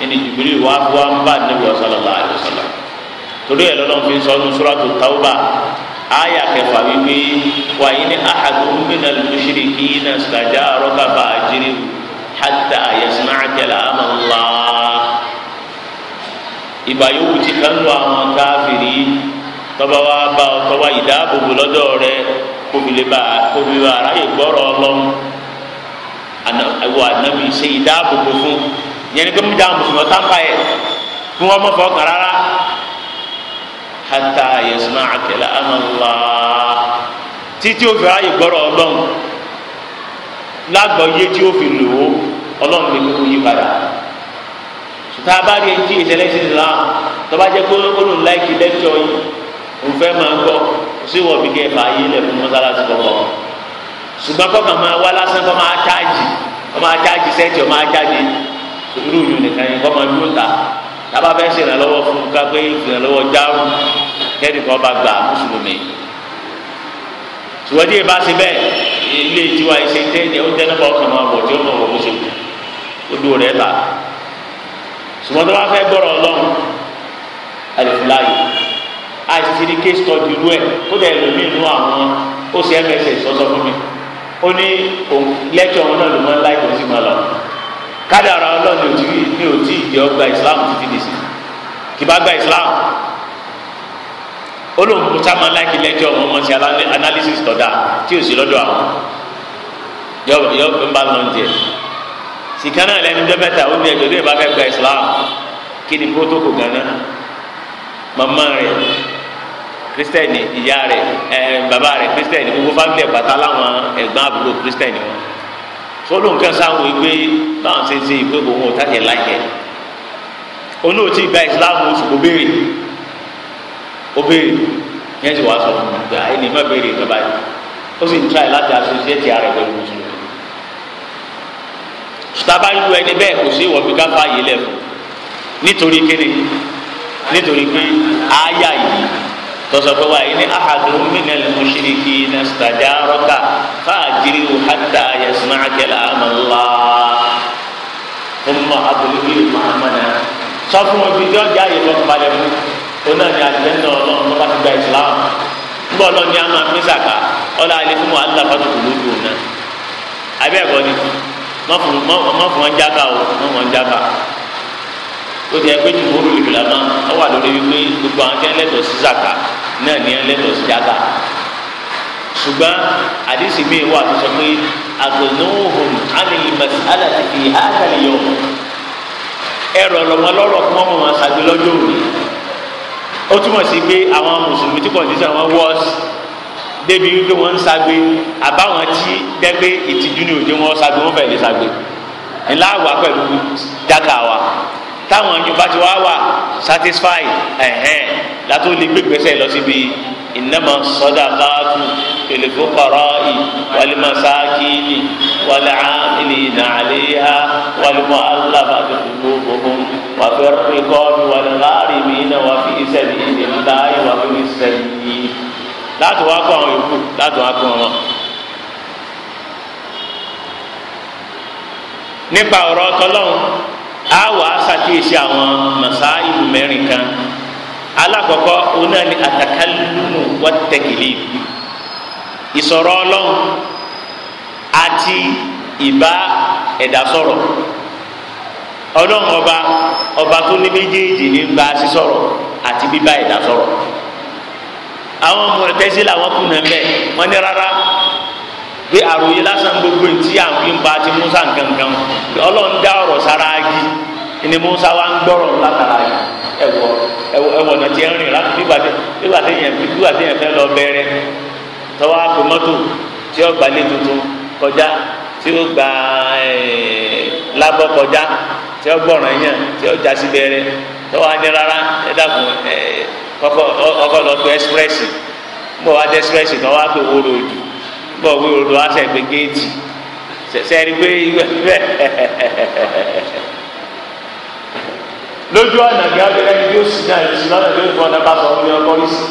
ẹni jùbìrì wà wà ń bá níbi sallallahu alaihi wasallam torí ẹ lọ́nà fi sọ ní suratu tauba aya kẹfà wípé wa in ahadun minal mushrikina istajaraka fa'ajirhu hatta yasma'a kalama Allah ìgbà yòówù ti kánú àwọn káfìrí tọba wa bá ọ tọwa ìdáàbòbò lọ́dọ̀ rẹ kóbileba kóbileba aráyè gbọrọ Ọlọ́run àwọn ànábì ṣe ìdáàbòbò fún yẹn ní gómìnà àwọn mùsùlùmí ọtá ń pa yẹ kí wọn mọ fọkàn rárá hata yasuma akẹlẹ amala títí o fi aráyè gbọrọ Ọlọ́run lágbọ iye tí o fi lò ó Ọlọ́run lè kó yí padà tá a bá rí ẹni la tọba jẹ kó ó lòun láìkí lẹtọ yìí. òun fẹ́ máa gbọ́ síwọ̀ bí kẹ́ ẹ bá yé lẹ̀ fún mọ́sálásí kọ̀ọ̀kọ̀ ṣùgbọ́n kọ́ màmá wa lásán kọ́ máa chájì kọ́ máa chájì sẹ́ẹ̀tì ọ̀ máa chájì irú yìí nìkan yẹn kọ́ máa dúró ta tábà fẹ́ ṣèrànlọ́wọ́ fún kápẹ́ ìṣèrànlọ́wọ́ jáàmù kẹ́nìkan bá gbà ilé tí àṣìṣe ní case study irú ẹ̀ kó dẹ̀ lómi inú àwọn ó ṣe mss sọ́sọ́ fún mi ó ní lẹ́tọ̀ ọ̀hún náà ló máa ń láì tó sí máa lọ kádàrá ọlọ́run ní òtí ìjẹ́ ọgbà islam títí dìsí kì bá gba islam olóhùn tá a máa láìkí lẹ́jọ́ ọmọ ọmọ sí analysis tọ́da tí ò sí lọ́dọ̀ àwọn yọ yọ ń bá lọ díẹ̀ sìkánná lẹ́nu dọ́bẹ̀tà ó ní ẹjọ́ lóye bá fẹ́ gba islam kí ni kó tó kò gánà màmá rẹ̀ kristẹni ìyá rẹ̀ ẹ bàbá rẹ̀ kristẹni gbogbo fámìlì ẹ pátá láwọn ẹ̀gbọ́n àbúrò kristẹni wọn sọlọ nǹkan sáwọn ìgbé báwọn ṣe ń ṣe ìgbé gbogbo wọn táyẹ láyẹ olóòtú ìgbà ìsìláàmù oṣù kò béèrè ó béèrè yẹn ti wàá sọ fún mi pé àyè ní má béèrè ìjọba yìí ó sì ń tíráì láti aṣojú ẹtì ara pẹ̀lú oṣù sùtàbá ń lu ẹni bẹ́ẹ̀ kò sí ìwọ̀n fi ká fààyè nítorí kéde nítorí pé ááyà yìí tọ́sọ̀ pé wáyé ní ahadun minal mushrikina istajaraka fa'ajirhu hatta yasma'a kalama Allah thumma ablighu ma'amana sọ fún wọn bíi jọ́ọ̀jà yìí lọ́ọ́ balẹ̀ mú oná ní àtẹnudọ́ ọlọ́run tó bá ti gba Islam ńgbọ́ ọlọ́run ní àmà mísàkà ọlá alẹ́ fún wa ńlá fatu kùlù dùn náà abẹ́ ẹ̀kọ́ ni mọ́ o mọ́ fún wọn ó di ẹgbẹ́ jùlọ olú ìlú làmá ọ wà lórí wípé gbogbo àwọn tí wọn lẹ́tọ̀ọ́ sí zaka náà ni wọn lẹ́tọ̀ọ́ sí jaga ṣùgbọ́n àdìsí mi wà tó sọ pé àgbẹ̀nùhùn ánìlìmọ̀tì alàtìfì àtàlẹ́yọ̀ ẹ̀rọ lọ́wọ́ lọ́rọ̀ kí wọ́n mọ̀ wọn ṣàgbé lọ́jọ́ òní ó túmọ̀ sí pé àwọn mùsùlùmí tí kọ̀ǹdíṣà wọn wọ́ọ̀sì débi wípé wọ́n ń ṣàgbé àbáwọn tí dẹ́gbẹ́ ìtìjú ni òde wọn ṣàgbé wọn fẹ̀lẹ́ ṣàgbé ńlá wà pẹ̀lú dákà wa táwọn yóò bá ti wá wà satisfied ẹ̀hẹ́n látó lè gbé gbèsè lọ síbi innama sadaqatu lil fuqara'i wal masakini wal 'amilina 'alayha wal mu'allafati qulubuhum wa fir riqabi wal gharimina wa fi sabilillahi wa fi sẹ́yìn láti wá kó àwọn yòókù láti wá kó wọn. nípa ọ̀rọ̀ ọ̀tọ̀ lọ́hùn a wàá ṣàkíyèsí àwọn màsá ìlú mẹ́rin kan alákọ̀ọ́kọ́ oná ni àtàkálùmù wọ́tẹ̀kìlì ìsọ̀rọ̀ ọlọ́run àti ìbá ẹ̀dá sọ̀rọ̀ ọlọ́run ọba ọba tó ní méjèèjì ní bá a sí sọ̀rọ̀ àti bíbá ẹ̀dá sọ̀rọ̀ àwọn Mu'tazila àwọn kùnà ń bẹ̀ wọ́n ní rárá bí àròyé lásán gbogbo ntí àwọn yìí ń ba ti musa gangan ọlọ́run dá ọ̀rọ̀ sára yìí ni musa wa ń gbọ́rọ̀ látara yìí ẹ̀wọ̀ ẹ̀wọ̀ ọ̀nà tí ẹ rìn láti bígbà tí bígbà tí yẹn bígbà tí yẹn fẹ́ lọ bẹ̀rẹ̀ tọ́wọ́ àpò mọ́tò tí ó gbalẹ̀ tuntun kọjá tí ó gba lábọ́ kọjá tí ó gbọ̀ràn yẹn tí ó já sí bẹ̀rẹ̀ tọ́wọ́ adé rárá ẹ dàkún ọkọ̀ lọ́tọ̀ express mbọ̀ wá express náà wá pé wóró bọ́ wí odò àṣẹ gbé géètì ṣẹṣẹ rí pé ìwé bẹ́ẹ̀ lójú ọ̀nà bí abẹ́rẹ́ ni yóò sì náà sí lọ́nà tó ń fọ ọ̀nà bá sọ ọ́ ní ọkọ rí sí.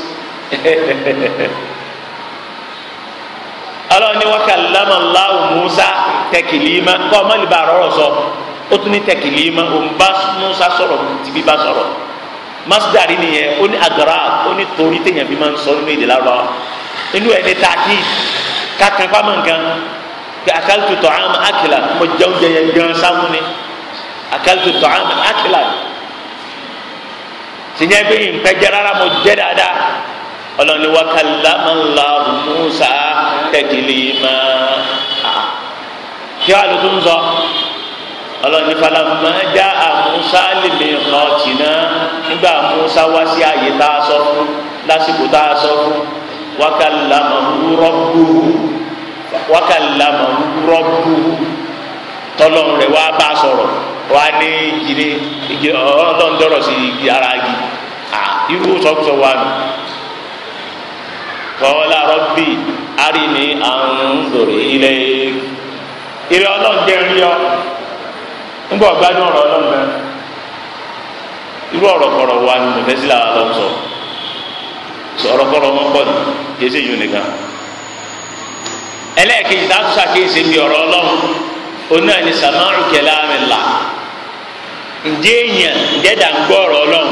ọlọ́run ní wa kallama Allahu Musa tẹkìlímà kọ́ ọmọ ìlú bá rọrọ̀ sọ ó tún ní tẹkìlímà òun bá Musa sọ̀rọ̀ tìbí bá sọ̀rọ̀ masdari nìyẹn ó ní agara ó ní torí téèyàn fi máa ń sọ nínú ìdílé àrùbá inú ẹ̀ ní tààkì kakan pa man kan ke akaltu ta'am akila mo jaw jayan gan samune akaltu ta'am akila sinya bi in pe jarara mo jẹ dáadáa Ọlọ́run ni wa kallama Allah Musa taklima kí wàá lóko ń sọ Ọlọ́run ni falamma ja'a Musa limiqatina nígbà Musa wá sí àyè tá a sọ fún lásìkò tá wakalamahu rọbuhu wakalamahu rọbuhu tọlọn rẹ̀ wá bá sọ̀rọ̀ wá ní jire igi ọlọn dọrọ sí igi ara yi a irú sọkusọ wa mi kọọla rọbi ari ni anzori ilẹ ilẹ ọlọn jẹri yọ ńgbọ gbadun ọ̀rọ̀ ọlọn irú ọ̀rọ̀ kọ̀rọ̀ wa ni mo la lọ sọ sọ̀rọ̀kọ̀rọ̀ wọn pọ̀ ní kéésì yìí nìkan ẹlẹ́ẹ̀kejì tá a tún ṣàkíyèsí bí ọ̀rọ̀ ọlọ́run oní àní sàmáàrù kẹlẹ́ àmì là ǹjẹ́ èèyàn ǹjẹ́ dà ń gbọ́ ọ̀rọ̀ ọlọ́run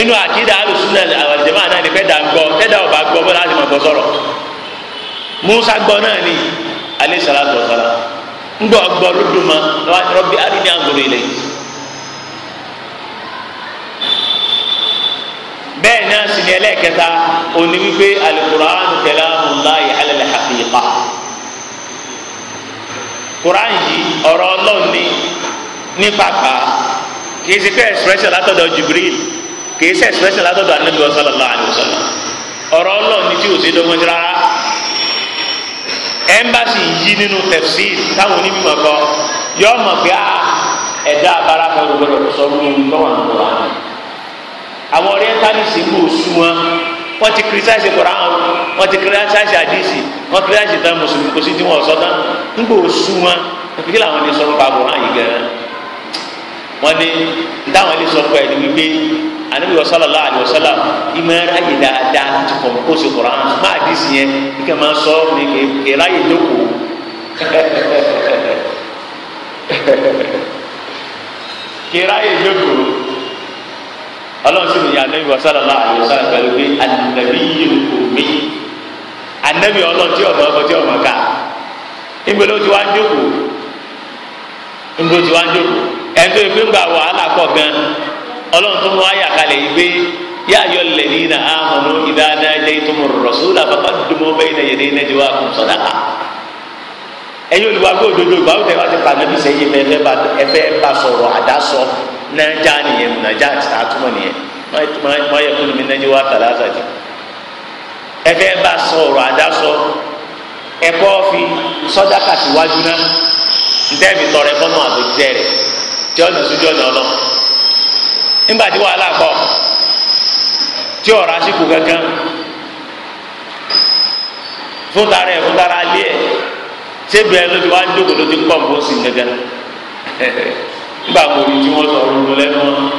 inú àkídà alùsùnà àwàlìjẹ́mọ́ àná ni fẹ́ẹ́ dà ń gbọ́ tẹ́dà gbọ́ bọ́lá àti màgbọ́ sọ̀rọ̀ Musa gbọ́ náà ni alẹ́ sàlá tọ̀ sàlá ń gbọ́ gbọ́ lódùmọ́ rọ́bì àdínní àgbòrò ilẹ̀ yìí bẹ́ẹ̀ náà sì ni ẹlẹ́ẹ̀kẹta òní wípé alukur'an kalamullahi ala al-haqiqa kur'an yìí ọ̀rọ̀ ọlọ́run ni ní pàpà kìí ṣe pé expression látọ̀dọ̀ jibril kìí ṣe expression látọ̀dọ̀ anabi sallallahu alaihi wasallam ọ̀rọ̀ ọlọ́run ni tí ò ṣe dọ́gbọ́n sí rárá ẹmbasi yí nínú tafsir táwọn onímọ̀ kọ yọ ọmọ pé ah, ẹ̀dá abáráfẹ́ gbọdọ̀ àwọn orientalist ń bò sú wọn wọ́n ti criticize Quran wọ́n ti criticize àdìsí wọ́n criticize tán mùsùlùmí kò sí tí wọ́n sọ tán ń bò sú wọn kí làwọn ní sọ nípa Quran yìí gan-an wọ́n ní dáwọn ilé sọ pé ẹni wípé anabi wasalala aliwasala imara yi dáadáa ti kọ kó se Qur'an máa di si yẹn ike máa sọ ní kéra yẹ jókòó kéra yẹ jókòó ọlọ́run sì nìyẹn anabi wa sallallahu alaihi wasallam pẹ̀lú pé anabi yìí kò mí anabi ọlọ́run tí ọmọ ọkọ tí ọmọ ká níbo ló ti wá ń jókòó níbo ti wá ń jókòó ẹni tó yẹ pé ń gba wàhálà pọ̀ gan ọlọ́run tó mú àyà kalẹ̀ yìí pé yá ayọ̀ lẹ́ni iná amanu idha najaytumur rasula faqaddimu bayna yaday najwakum sadaqa ẹ̀yin olùwàgbọ́ òdodo ìgbà ó tẹ̀ wá ti pa anabi sẹ́yìn mẹ́fẹ́ bá sọ̀rọ̀ àdásọ nájà nìyẹn múnájà àtúmọ̀ nìyẹn má yẹ kó mi nájà wá tàlá àtàjù ẹ fẹ́ bá sọ ọ̀rọ̀ àdásọ ẹ kọ́ fi sọ́dáka síwájú náà ntẹ́ẹ̀mí tọrẹ fọ́nà àtòjíṣẹ́ rẹ̀ tí ọ̀nà sójú ọ̀nà ọlọ́ nígbà tí wàhálà pọ̀ tí ọ̀rọ̀ àsìkò kankan fún tara ẹ̀ fún tara alẹ́ ẹ̀ ṣé bẹ́ẹ̀ ló ti wá ń dókòó ló ti pọ̀ nǹkan sí gangan. nígbà mo rí tí wọ́n sọ̀rọ̀ lọ lẹ́nu wọn.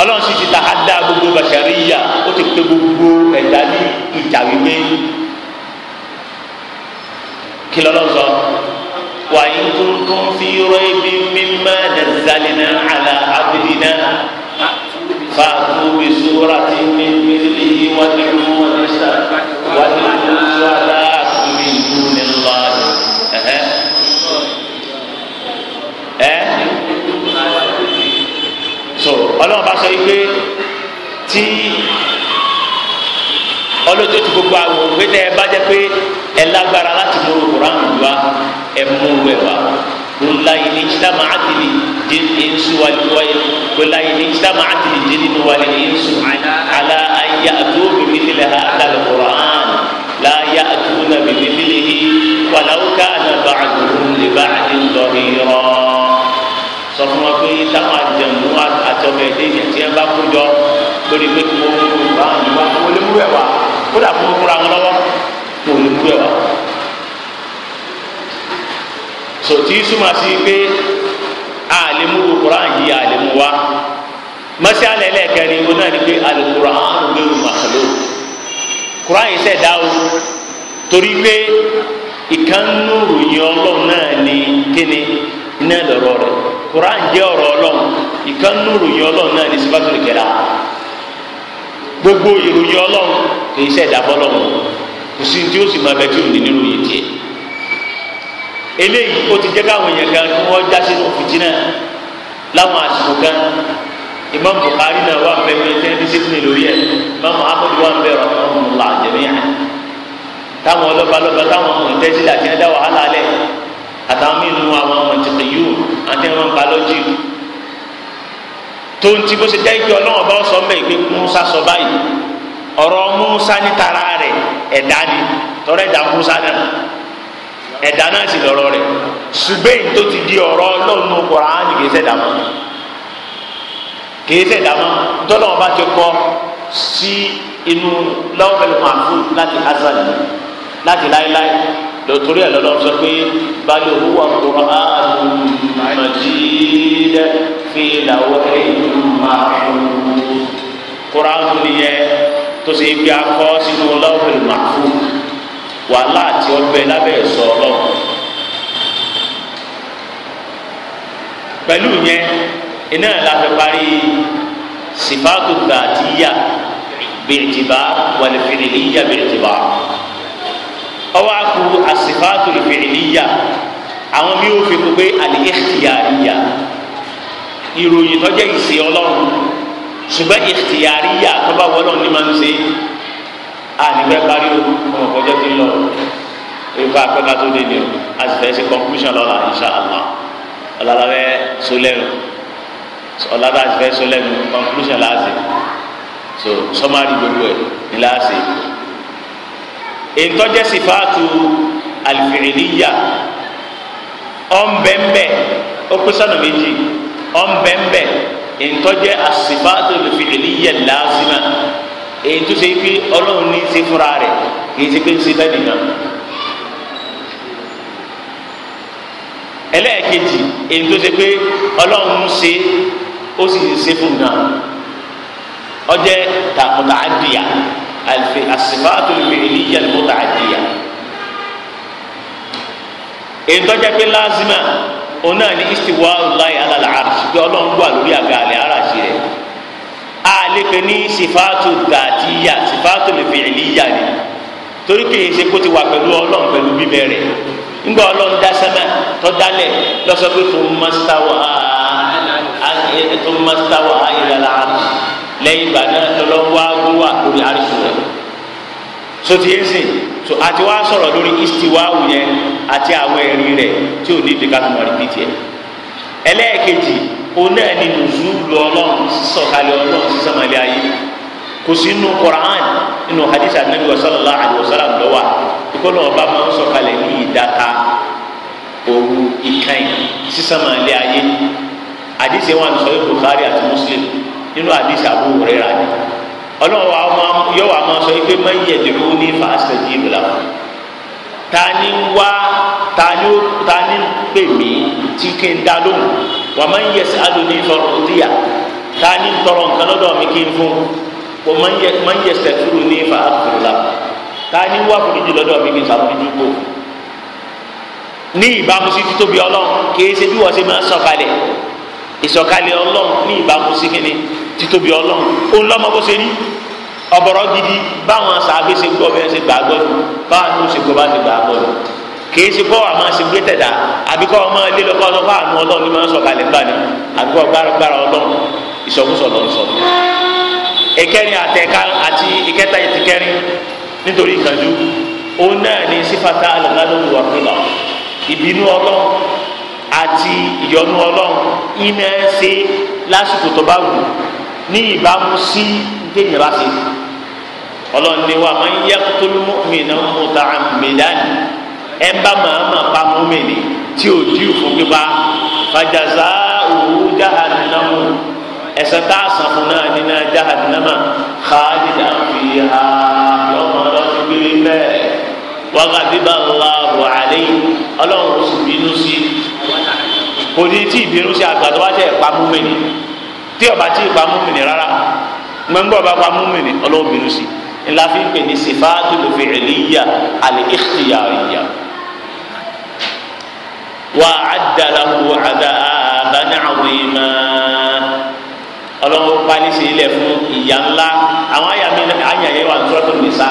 ọlọ́run sì ti ta adá gbogbo bàṣàríyà ó ti pè gbogbo ẹ̀dá ní ìjà wípé kí lọ́lọ́run sọ. وإن كنتم في ريب مما نزلنا على عبدنا فأتوا بسورة من مثله وادعوا ونساء وادعوا شهداء so ọlọ́run bá sọ yìí pé tí ọlọ́jọ́ ti gbogbo àwọn òwe tẹ ẹ bá jẹ pé ẹ lágbára láti mú kuraanu wá ẹ mú wẹ wá wòláyé ní jitama adìlì jẹ ẹnsu wáyé wòláyé ní jitama adìlì jẹ nínú wáyé ẹnsu ala ayé àdúgbò mímílẹ ha àtàlẹ kuraan láyé àdúgbò nàbí mímílẹ yìí wàlàwùká àná bàcàdùn lè bàcàdùn lọ́hìíràn fún wa pé táwọn àjẹmú àtọmọ ẹdẹ yẹn tí wọn bá kó jọ lórí pé kí wọn kó bá wọn wá wọn lè múlò ẹ wá kó dà fún wọn lọ́wọ́ wọn lè múlò ẹ wá. sòtí súnmọ́ sí pé àlèmú kura yìí àlèmú wa mọ́sí alẹ́ lẹ́ẹ̀kẹrin wọn náà ni pé alukura lórí màkàló kura yìí sẹ̀ o torí pé ìkànnù ròyìn ọlọ́run náà ni kíni iná lọ́rọ̀ rẹ̀. Quran jẹ́ ọ̀rọ̀ Ọlọ́run ìkànnù ròyìn Ọlọ́run náà ní sífàtò ìkẹlà gbogbo ìròyìn Ọlọ́run kì í ṣẹ̀dá bọ́lọ́run kò sí tí ó sì máa bẹ tí ò ní nínú yìí tiẹ̀ eléyìí ó ti jẹ́ káwọn èèyàn kan kí wọ́n já sínú fìtínà láwọn àsìkò kan Imam Bukhari náà wà bẹ́ẹ̀ bẹ́ẹ̀ tẹ́lẹ̀ bíi sẹ́kùnrin lórí ẹ̀ Imam Ahmad wà bẹ́ẹ̀ rọ̀ ọ́n mọ̀ láàjẹ̀míyàn táwọn ọlọ́balọ́ba táwọn mọ̀tẹ́sílẹ̀ àti ẹ̀dá wàhálà alẹ́ àtàwọn mí àti wọn balọ́jì tó ń ti bó ṣe jẹ́ ìgbé ọlọ́wọ́n bá sọ mẹ́ ìgbé musa sọ báyìí ọ̀rọ̀ musa ní tara rẹ̀ ẹ̀dá ni tọ́rọ ẹ̀dá musa náà ẹ̀dá náà sì lọ́rọ̀ rẹ̀ ṣùgbẹ́yìn tó ti di ọ̀rọ̀ lọ́nà Kùránì kìí ṣẹ̀dá mọ́ kìí ṣẹ̀dá mọ́ tọ́lọ́wọ́n bá ti kọ́ sí inú lọ́wọ́ pẹ̀lú màfú láti azali láti láéláé lọtọrí ẹ lọlọrun sọ pé balẹ̀ òwúwà kúrọ̀ ààrùn màjídẹ́ fi làwọ̀ ẹ̀yìn máa kúrọ̀ ààrùn nìyẹn tó ṣe gbé akọ sínú lọ́wọ́ màfú wàhálà àti ọbẹ̀ lábẹ́ ẹ̀sọ́ ọlọ́run. pẹ̀lú yẹn iná la fi parí sifatu gbàdíyà bìtìbà wàlẹ̀fìlìyà bìtìbà ọwọ́ àkú àsìfáàtò ìfìlíyà àwọn mi ò fi kó pé àlìyéxìyàríyà ìròyìn tó jẹ́ ìṣe ọlọ́run ṣùgbọ́n ìxìyàríyà tó bá wọlọ́ ní máa ń ṣe àníbẹ̀ parí o ọmọ ìkọjọ́ ti ń lọ ìfọ̀ àpẹ́ká tó dé ní o a sì fẹ́ ṣe conclusion lọ́la inṣàlá ọ̀làlá fẹ́ so lẹ́nu ọ̀làlá fẹ́ so lẹ́nu conclusion láàṣẹ so summary gbogbo ẹ̀ ní láàṣẹ ètòjẹ sifaatu alifiriliya ọmbẹmbẹ ọkpẹsọnà méjì ọmbẹmbẹ ètòjẹ asifaatu alifiriliya laazima ètò sẹ ibi Ọlọ́run ní ṣe fúnra rẹ̀ kì í ṣe pé ń ṣe bẹ́ẹ̀ nìkan. ẹlẹ́ẹ̀kejì èyí tó ṣe pé ọlọ́run ṣe ó sì ṣe fún gan ọjẹ́ tàkùtà àdìyà asifatu lèlíyà lóta àdìyà ìtọ́jà pé lázìmà òun náà ní istiwa ọláyé alàlà àrùsí pé ọlọ́run wà lórí àga àlẹ́ àràsí rẹ̀ àlepẹ̀ ní sifatu dàtíyà sifatu lèfẹ̀líyà ni torí kìí ṣe kó ti wà pẹ̀lú ọlọ́run pẹ̀lú bíbẹ̀ rẹ̀ ńgbà ọlọ́run dá sẹ́mẹ̀ tó dálẹ̀ lọ́sọ̀ pé tó ń mọ́sítà wà á tó ń mọ́sítà wà á ìlàlà àrùsí lẹ́yìn ìgbà náà lọ́lọ́ wá wúwà lórí àrísù rẹ̀ so ti yé so àti wá sọ̀rọ̀ lórí istiwawu yẹn àti àwọn ẹ̀rí rẹ̀ tí ò ní ìdí ká tó mọ̀ rìpí tiẹ̀ ẹlẹ́ẹ̀kejì òun náà ni nùzúlù ọlọ́run sísọ̀kalẹ̀ ọlọ́run sísọ̀mọ̀lẹ́ ayé kò sí inú Qur'an inú hadith anabi wa sallallahu alayhi wa sallam lọ́wọ́ ìkọlọ́ ọba máa ń sọ̀kalẹ̀ ní ìdáka òru ìkànnì sísọ̀mọ̀lẹ́ ayé hadith yẹn wà ní sọ̀rọ̀ Bukhari àti Muslim nínú àdìsí Abu Hurairah ni ọlọ́run wa yọ wà máa sọ pé má yẹ dèrò ní fàásì jí ìbìlà ta ni wá ta ni ó ta ni pè mí tí kí n dá lóhùn wà má yẹ sí alóní tọrọ díà ta ni tọrọ nǹkan lọ́dọ̀ mi kí n fún o má yẹ má yẹ sẹ́túrú ní fàásì ìbìlà ta ni wá foríjì lọ́dọ̀ mi kí n sàforíjì kó ní ìbámu sí títóbi ọlọ́run kì í ṣe bí wọ́n ṣe máa ń sọ̀kalẹ̀ ìsọ̀kalẹ̀ ọlọ́run ní ìbámu sí kínní títóbi ọlọ́run ó lọ́mọ bó ṣe rí ọ̀bọ̀rọ̀ gidi báwọn sàbẹ̀ ṣe gbọ́ bẹ́ẹ̀ ṣe gbàgbọ́ ni báwọn tó ṣe gbọ́ bá ṣe gbàgbọ́ ni kìí ṣe kọ́ àmọ́ ṣe gbé tẹ̀dá àbí kọ́ ọmọ ilé lọ́kọ́ ọlọ́kọ́ àánú ọlọ́run ní máa ń sọ̀kalẹ̀ gbà ni àbí kọ́ gbáragbára ọlọ́run ìṣọ̀kúsọ̀ lọ́n sọ. ìkẹrin àtẹ̀ka àti ìkẹta ìtìkẹrin nítorí ìkànjú òun náà ní sífàtà àlọ́ àti ìyọnu ọlọ́run iná ṣe lásìkò tó bá wù ní ìbámu sí déyìn bá ṣe ọlọ́run ni wà máa ń yẹ kó tó mú mi náà mú ta àmìlánì ẹ bá màá mà pa mú mi ni tí ò dí òfin pípa fàjàzá òwú jahannamu ẹsẹ tá a sàn fún náà nínú jahannama khalidan fiha lọ́mọdé ti bẹ́ẹ̀ wákàtí báwo. kò ní tí ìbínú sí àgbà tó bá tẹ̀ pa múmìnì tí ọba tí ì pa múmìnì rárá gbẹ̀ngbẹ̀ ọba pa múmìnì ọlọ́wọ́ bínú sí ńlá fi ń pè ní sifatul fi'liyya al-ikhtiyariyya wa adda lahu adhaban 'azima ọlọ́wọ́ pálí sí ilẹ̀ fún ìyá ńlá àwọn àyà mi àyàyẹ wà lọ́tọ̀ nìsa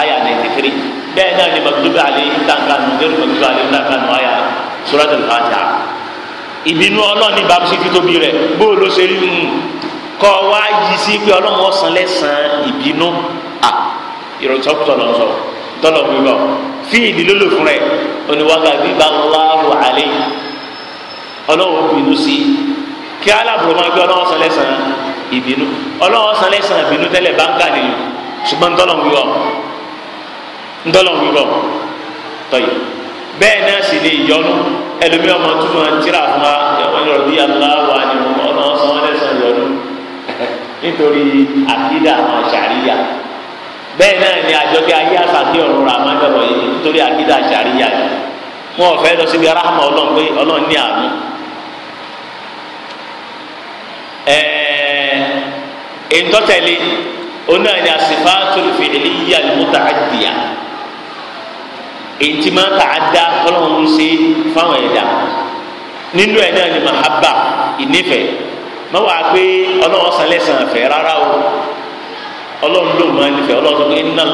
àyà ninety three bẹ́ẹ̀ náà ni magdubi alayhi tàǹkà nùdẹ́rù magdubi alayhi tàǹkà nù àyà suratul Fatiha ìbínú ọlọ́ọ̀ni bàbá sí títóbi rẹ̀ bó ló ṣe rí mu hmm, kọ́ wá yí sí pé ọlọ́run ọ̀sán lẹ́sàn-án ìbínú à ìròyìn tó kùtọ̀ lọ́n sọ tọ́lọ̀ mi lọ fi ìdílé lò fún rẹ̀ oníwàgà bíbá Allahu alayhi ọlọ́run bínú sí kí aláàbò máa gbé ọlọ́run ọ̀sán lẹ́sàn-án ìbínú ọlọ́run ọ̀sán lẹ́sàn-án ìbínú tẹ́lẹ̀ bá ń gà nìyí bẹ́ẹ̀ náà sì ni ìyọnu ẹlòmíì ọmọ túmọ̀ tíra fún wa ọmọ yọrọ bíi aláwọ̀ àdìmọ̀ ọmọ ọsàn wọn lẹ́sàn yọnu nítorí àkídà àwọn àṣàríyà bẹ́ẹ̀ náà ni àjọkẹ́ ayé àṣàkí ọ̀run rà máa dọ̀rọ̀ yìí nítorí àkídà àṣàríyà yìí wọn ò fẹ́ lọ síbi aráhàmà ọlọ́run pé ọlọ́run ní àánú ẹ̀ẹ́n ìtọ́tẹ̀lé onáà ni àsìfáàtò ìfìdílé èyí máa kà á dá ọlọ́run ṣe fáwọn ẹ̀dá nínú ẹ̀ náà ni mahaba fɛ má wàá pé ọlọ́run san fɛ rárá o ọlọ́run ló máa nífẹ̀ẹ́ ọlọ́run sọ pé inna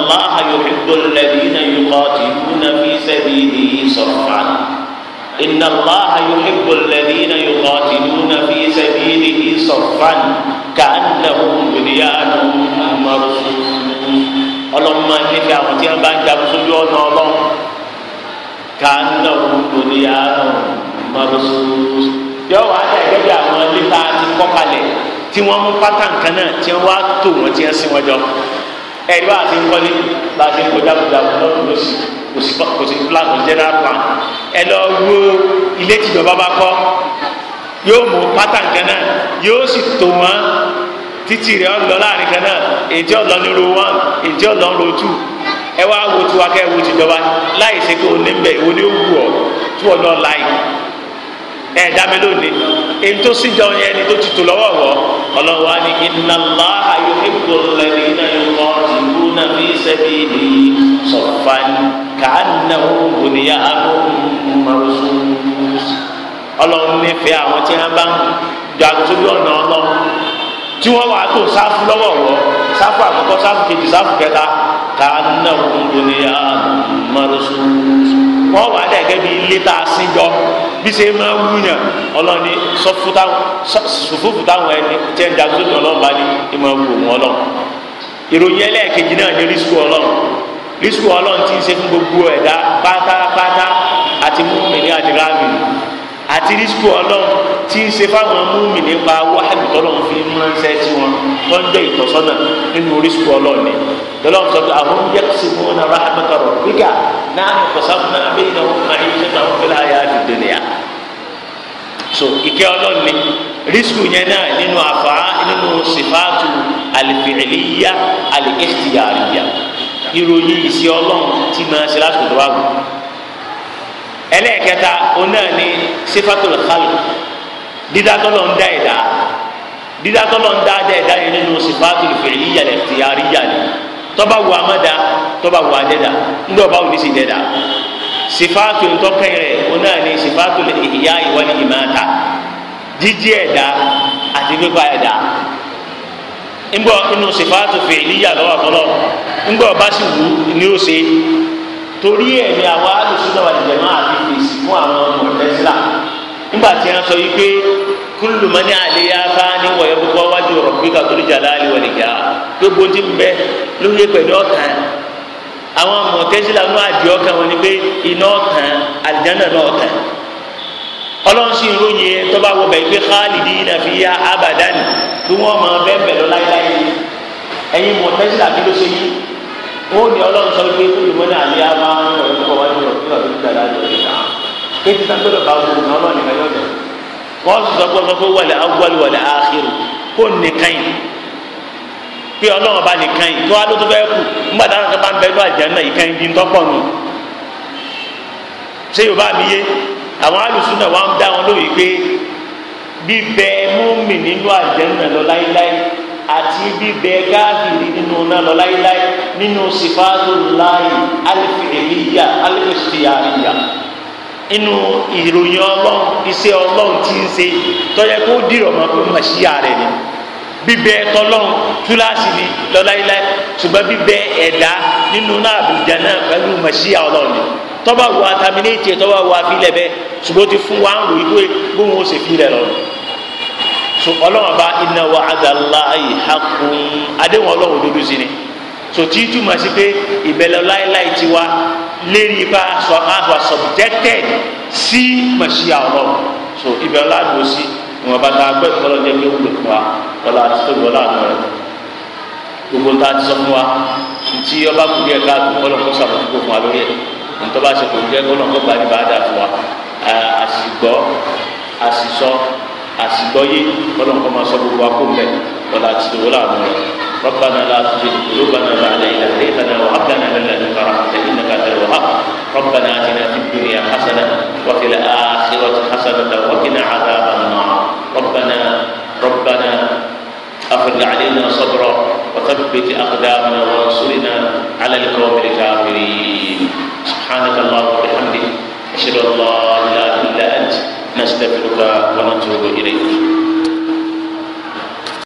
Allaha yuhibbul ladhina yuqatiluna fi sabilihi ina inna Allaha yuhibbul ladhina yuqatiluna fi sabilihi saffan ka'annahum bunyanun marsus. ọlọ́mọ nífẹ̀ẹ́ àwọn tí wọ́n bá ń jagun sójú ọ̀nà ọlọ́run kàánà gbogbo ní yàrá mọ̀lọ́sọ. yọ wà á dàgbẹ́ bí àwọn lítà ti kọ́ kalẹ̀ tí wọ́n mú pátá nǹkan náà tí wọ́n wá tò wọ́n tí wọ́n sin wọn jọ. ẹ̀rí wa ti ń kọ́lé láti ń kó jagunjagun lọ́dún lọ́sì kò sí kò sí plan kò general plan. ẹ lọ wo ilé tìjọba bá kọ́ yóò mú pátá nǹkan náà yóò sì tò wọ́n títì rẹ̀ ọ̀lọ́ láàrin kan náà èjì ọ̀lọ́ ní ro one èjì ọ̀lọ́ ro two ẹ wá wo tiwa kẹ́ ẹ wo tìjọba láì ṣe pé òní mbẹ òní wù ọ tí wọn náà láì ẹ dá mi lónìí èyí tó sì jọ yẹn ni tó ti tò lọ́wọ́ wọ ọlọ́wọ́ á ní inna Allaha yuhibbul ladhina yuqatiluna fi sabilihi saffan ka'annahum bunyanun marsus ọlọ́run nífẹ̀ẹ́ àwọn tí wọ́n bá ń jagun sójú ọ̀nà ọlọ́run tí wọ́n wàá tó sáfù lọ́wọ́ wọ́ sáfù àkọ́kọ́ sáfù kejì sáfù kẹta ká nà kúndùnì àmọ́rọ́sọ wọ́n wàá dà gẹ́gẹ́ bí ilé tá a sin jọ bí ṣe máa wúyàn ọlọ́ni sọfúfù táwọn ẹni tẹ́ ń dàgbé tó ọlọ́run bá ní ìmọ̀ wù wọn ọlọ́run ìròyìn ẹlẹ́ẹ̀kejì náà ní rísíkù ọlọ́run rísíkù ọlọ́run ti ń ṣe fún gbogbo ẹ̀dá pátápátá àti rísíkò ọlọ́run tí ń ṣe fáwọn múmi nípa wáhálì tọ́lọ́run fi mú ránṣẹ́ tí wọn wọ́n ń jẹ́ ìtọ́sọ́nà nínú rísíkò ọlọ́run ni tọ́lọ́run sọ pé àwọn yẹ kó sì mú wọn ara àmọ́tọ̀rọ̀ gbígbà náà ní kọ̀sáfúnà abẹ́yìn náà wọ́n máa ń ṣe àwọn fẹ́lẹ́ ayé àdìdè nìyà. so ìkẹ́ ọlọ́run ni rísíkò yẹn náà nínú àfà nínú sèfáàtù àlìfìlìyà àlìkẹ́sìtìyà àríyà ìròyìn ìṣe ọlọ́run tí máa ṣe lásìkò ẹlẹ́ẹ̀kẹta ọ̀nà ni sifatul khalq dídátọ́lọ̀ ń dá ẹ̀dá dídátọ́lọ̀ ń dá ẹ̀dá yẹn nínú sifatul fi'liyya ikhtiyariyya ni tọ́ba wù amada tọ́ba wù adẹ́dá ńdọ̀ bá wù ní sí dẹ́dá sifatu ntọkẹyẹrẹ ọ̀nà ni sifatu ihya wal imata jíjí ẹ̀dá àti pípa ẹ̀dá ńgbọ́ inú sifatu fi'liyya lọ́wọ́ fọlọ́ ńgbọ́ bá sì wù ní ó ṣe torí ẹ̀ ni àwa alùsùnà wà lè jẹ̀mọ́ àti fèsì fún àwọn mọ̀tẹ́sílà nígbà tí wọ́n sọ yìí pé kúlù mọ́ ní àlẹ́ yá bá ní wọ̀nyẹ́ gbogbo wájú ọ̀rọ̀ bí kàtórí jà láàlì wọ̀lì jà gbogbo ti ń bẹ lóye pẹ̀lú ọ̀tàn àwọn mọ̀tẹ́sílà ní àdìẹ ọkàn wọn ni pé iná ọ̀tàn àlìjáná náà ọ̀tàn ọlọ́run sì ń ròyìn ẹ tó wọ bẹ̀ pé khalidina fiya abadan kí wọ́n máa bẹ́ẹ̀ bẹ̀ lọ láíláí ẹ̀yin mọ̀tẹ́sílà kí ló ṣe yìí ó ní ọlọ́run sọ pé olùmọ́lẹ̀ àlẹ́ á máa ń wọ̀ nípa wájú rẹ̀ nígbà tó ń gbàdá lọ sí ta pé títà gbọ́dọ̀ bá wù ní ọlọ́run nìkan yóò dẹ̀ wọ́n sì sọ pé wọ́n sọ pé wọlé awọ́lé wọlé àkérò kó nìkan yìí pé ọlọ́run bá nìkan yìí tó wá ló tó fẹ́ kù nígbà táwọn kan bá ń àjẹ́ náà ìkan yìí ń tọ́pọ̀ nù ṣé yorùbá mi yé àwọn alùsùn náà dá wọn lóye pé bíbẹ múmi nínú àjẹ́ náà lọ láíláí àti bíbẹ káàkiri nínú nánà láíláí nínú sifáàtò láàyè alifẹ̀ẹ́líyà alifẹ̀síyàríyà inú ìròyìn ọlọ́run iṣẹ́ ọlọ́run ti ń ṣe tọ́jà kó dìrọ̀ mọ́ pé màṣíyà rẹ̀ ni bíbẹ tọlọ́run túláàsì ni lọ́láíláí ṣùgbọ́n bíbẹ ẹ̀dá nínú náà àbújá náà pẹ̀lú màṣíyà ọlọ́run ni tọ́ba wo ataminate tọ́ba wo afilẹ̀ bẹ́ẹ̀ ṣùgbọ́n ti fún wa ń ròyìn pé bóun ó ṣe fi rẹ̀ lọ́rùn so ọlọ́wọ́n bá inna wa'adallahi haqqun adéhùn ọlọ́wọ́n dúdú sí ni so tí túmọ̀ sí pé ìbẹ̀lẹ̀ láéláé ti wá lérí bá sọ àwọn subjected sí màṣíà ọlọ́wọ́ so ìbẹ̀lẹ̀ láàdúró sí ìwọ̀n bá ta gbẹ́ ìfọlọ́ jẹ́ pé ó lè fún wa ọlá àti tóbi ọlá àná rẹ̀ gbogbo ń ta ti sọ fún wa ntí ọba kùdí ẹ̀ káàdùn ọlọ́kọ́ sàbòtúkọ̀ fún wa lórí ẹ̀ ntọ́ba ṣe kò jẹ́ ọlọ́kọ́ gbàdúrà dáa fún wa àṣìgbọ́ àṣìṣọ́ àsìgbọ́yé kọ́lọ́n kọ́ máa sọ gbogbo akó mbẹ́ wọ́n àti sòwòlá àmọ́ rẹ̀ ربنا لا تزغ قلوبنا بعد إذ هديتنا وهب لنا من لدنك رحمة إنك أنت الوهاب ربنا آتنا في الدنيا حسنة وفي الآخرة حسنة وقنا عذاب النار ربنا ربنا أفرغ علينا صبرا وثبت أقدامنا وانصرنا على القوم الكافرين سبحانك اللهم وبحمدك أشهد أن لا إله أستغفر الله ونتوب إليه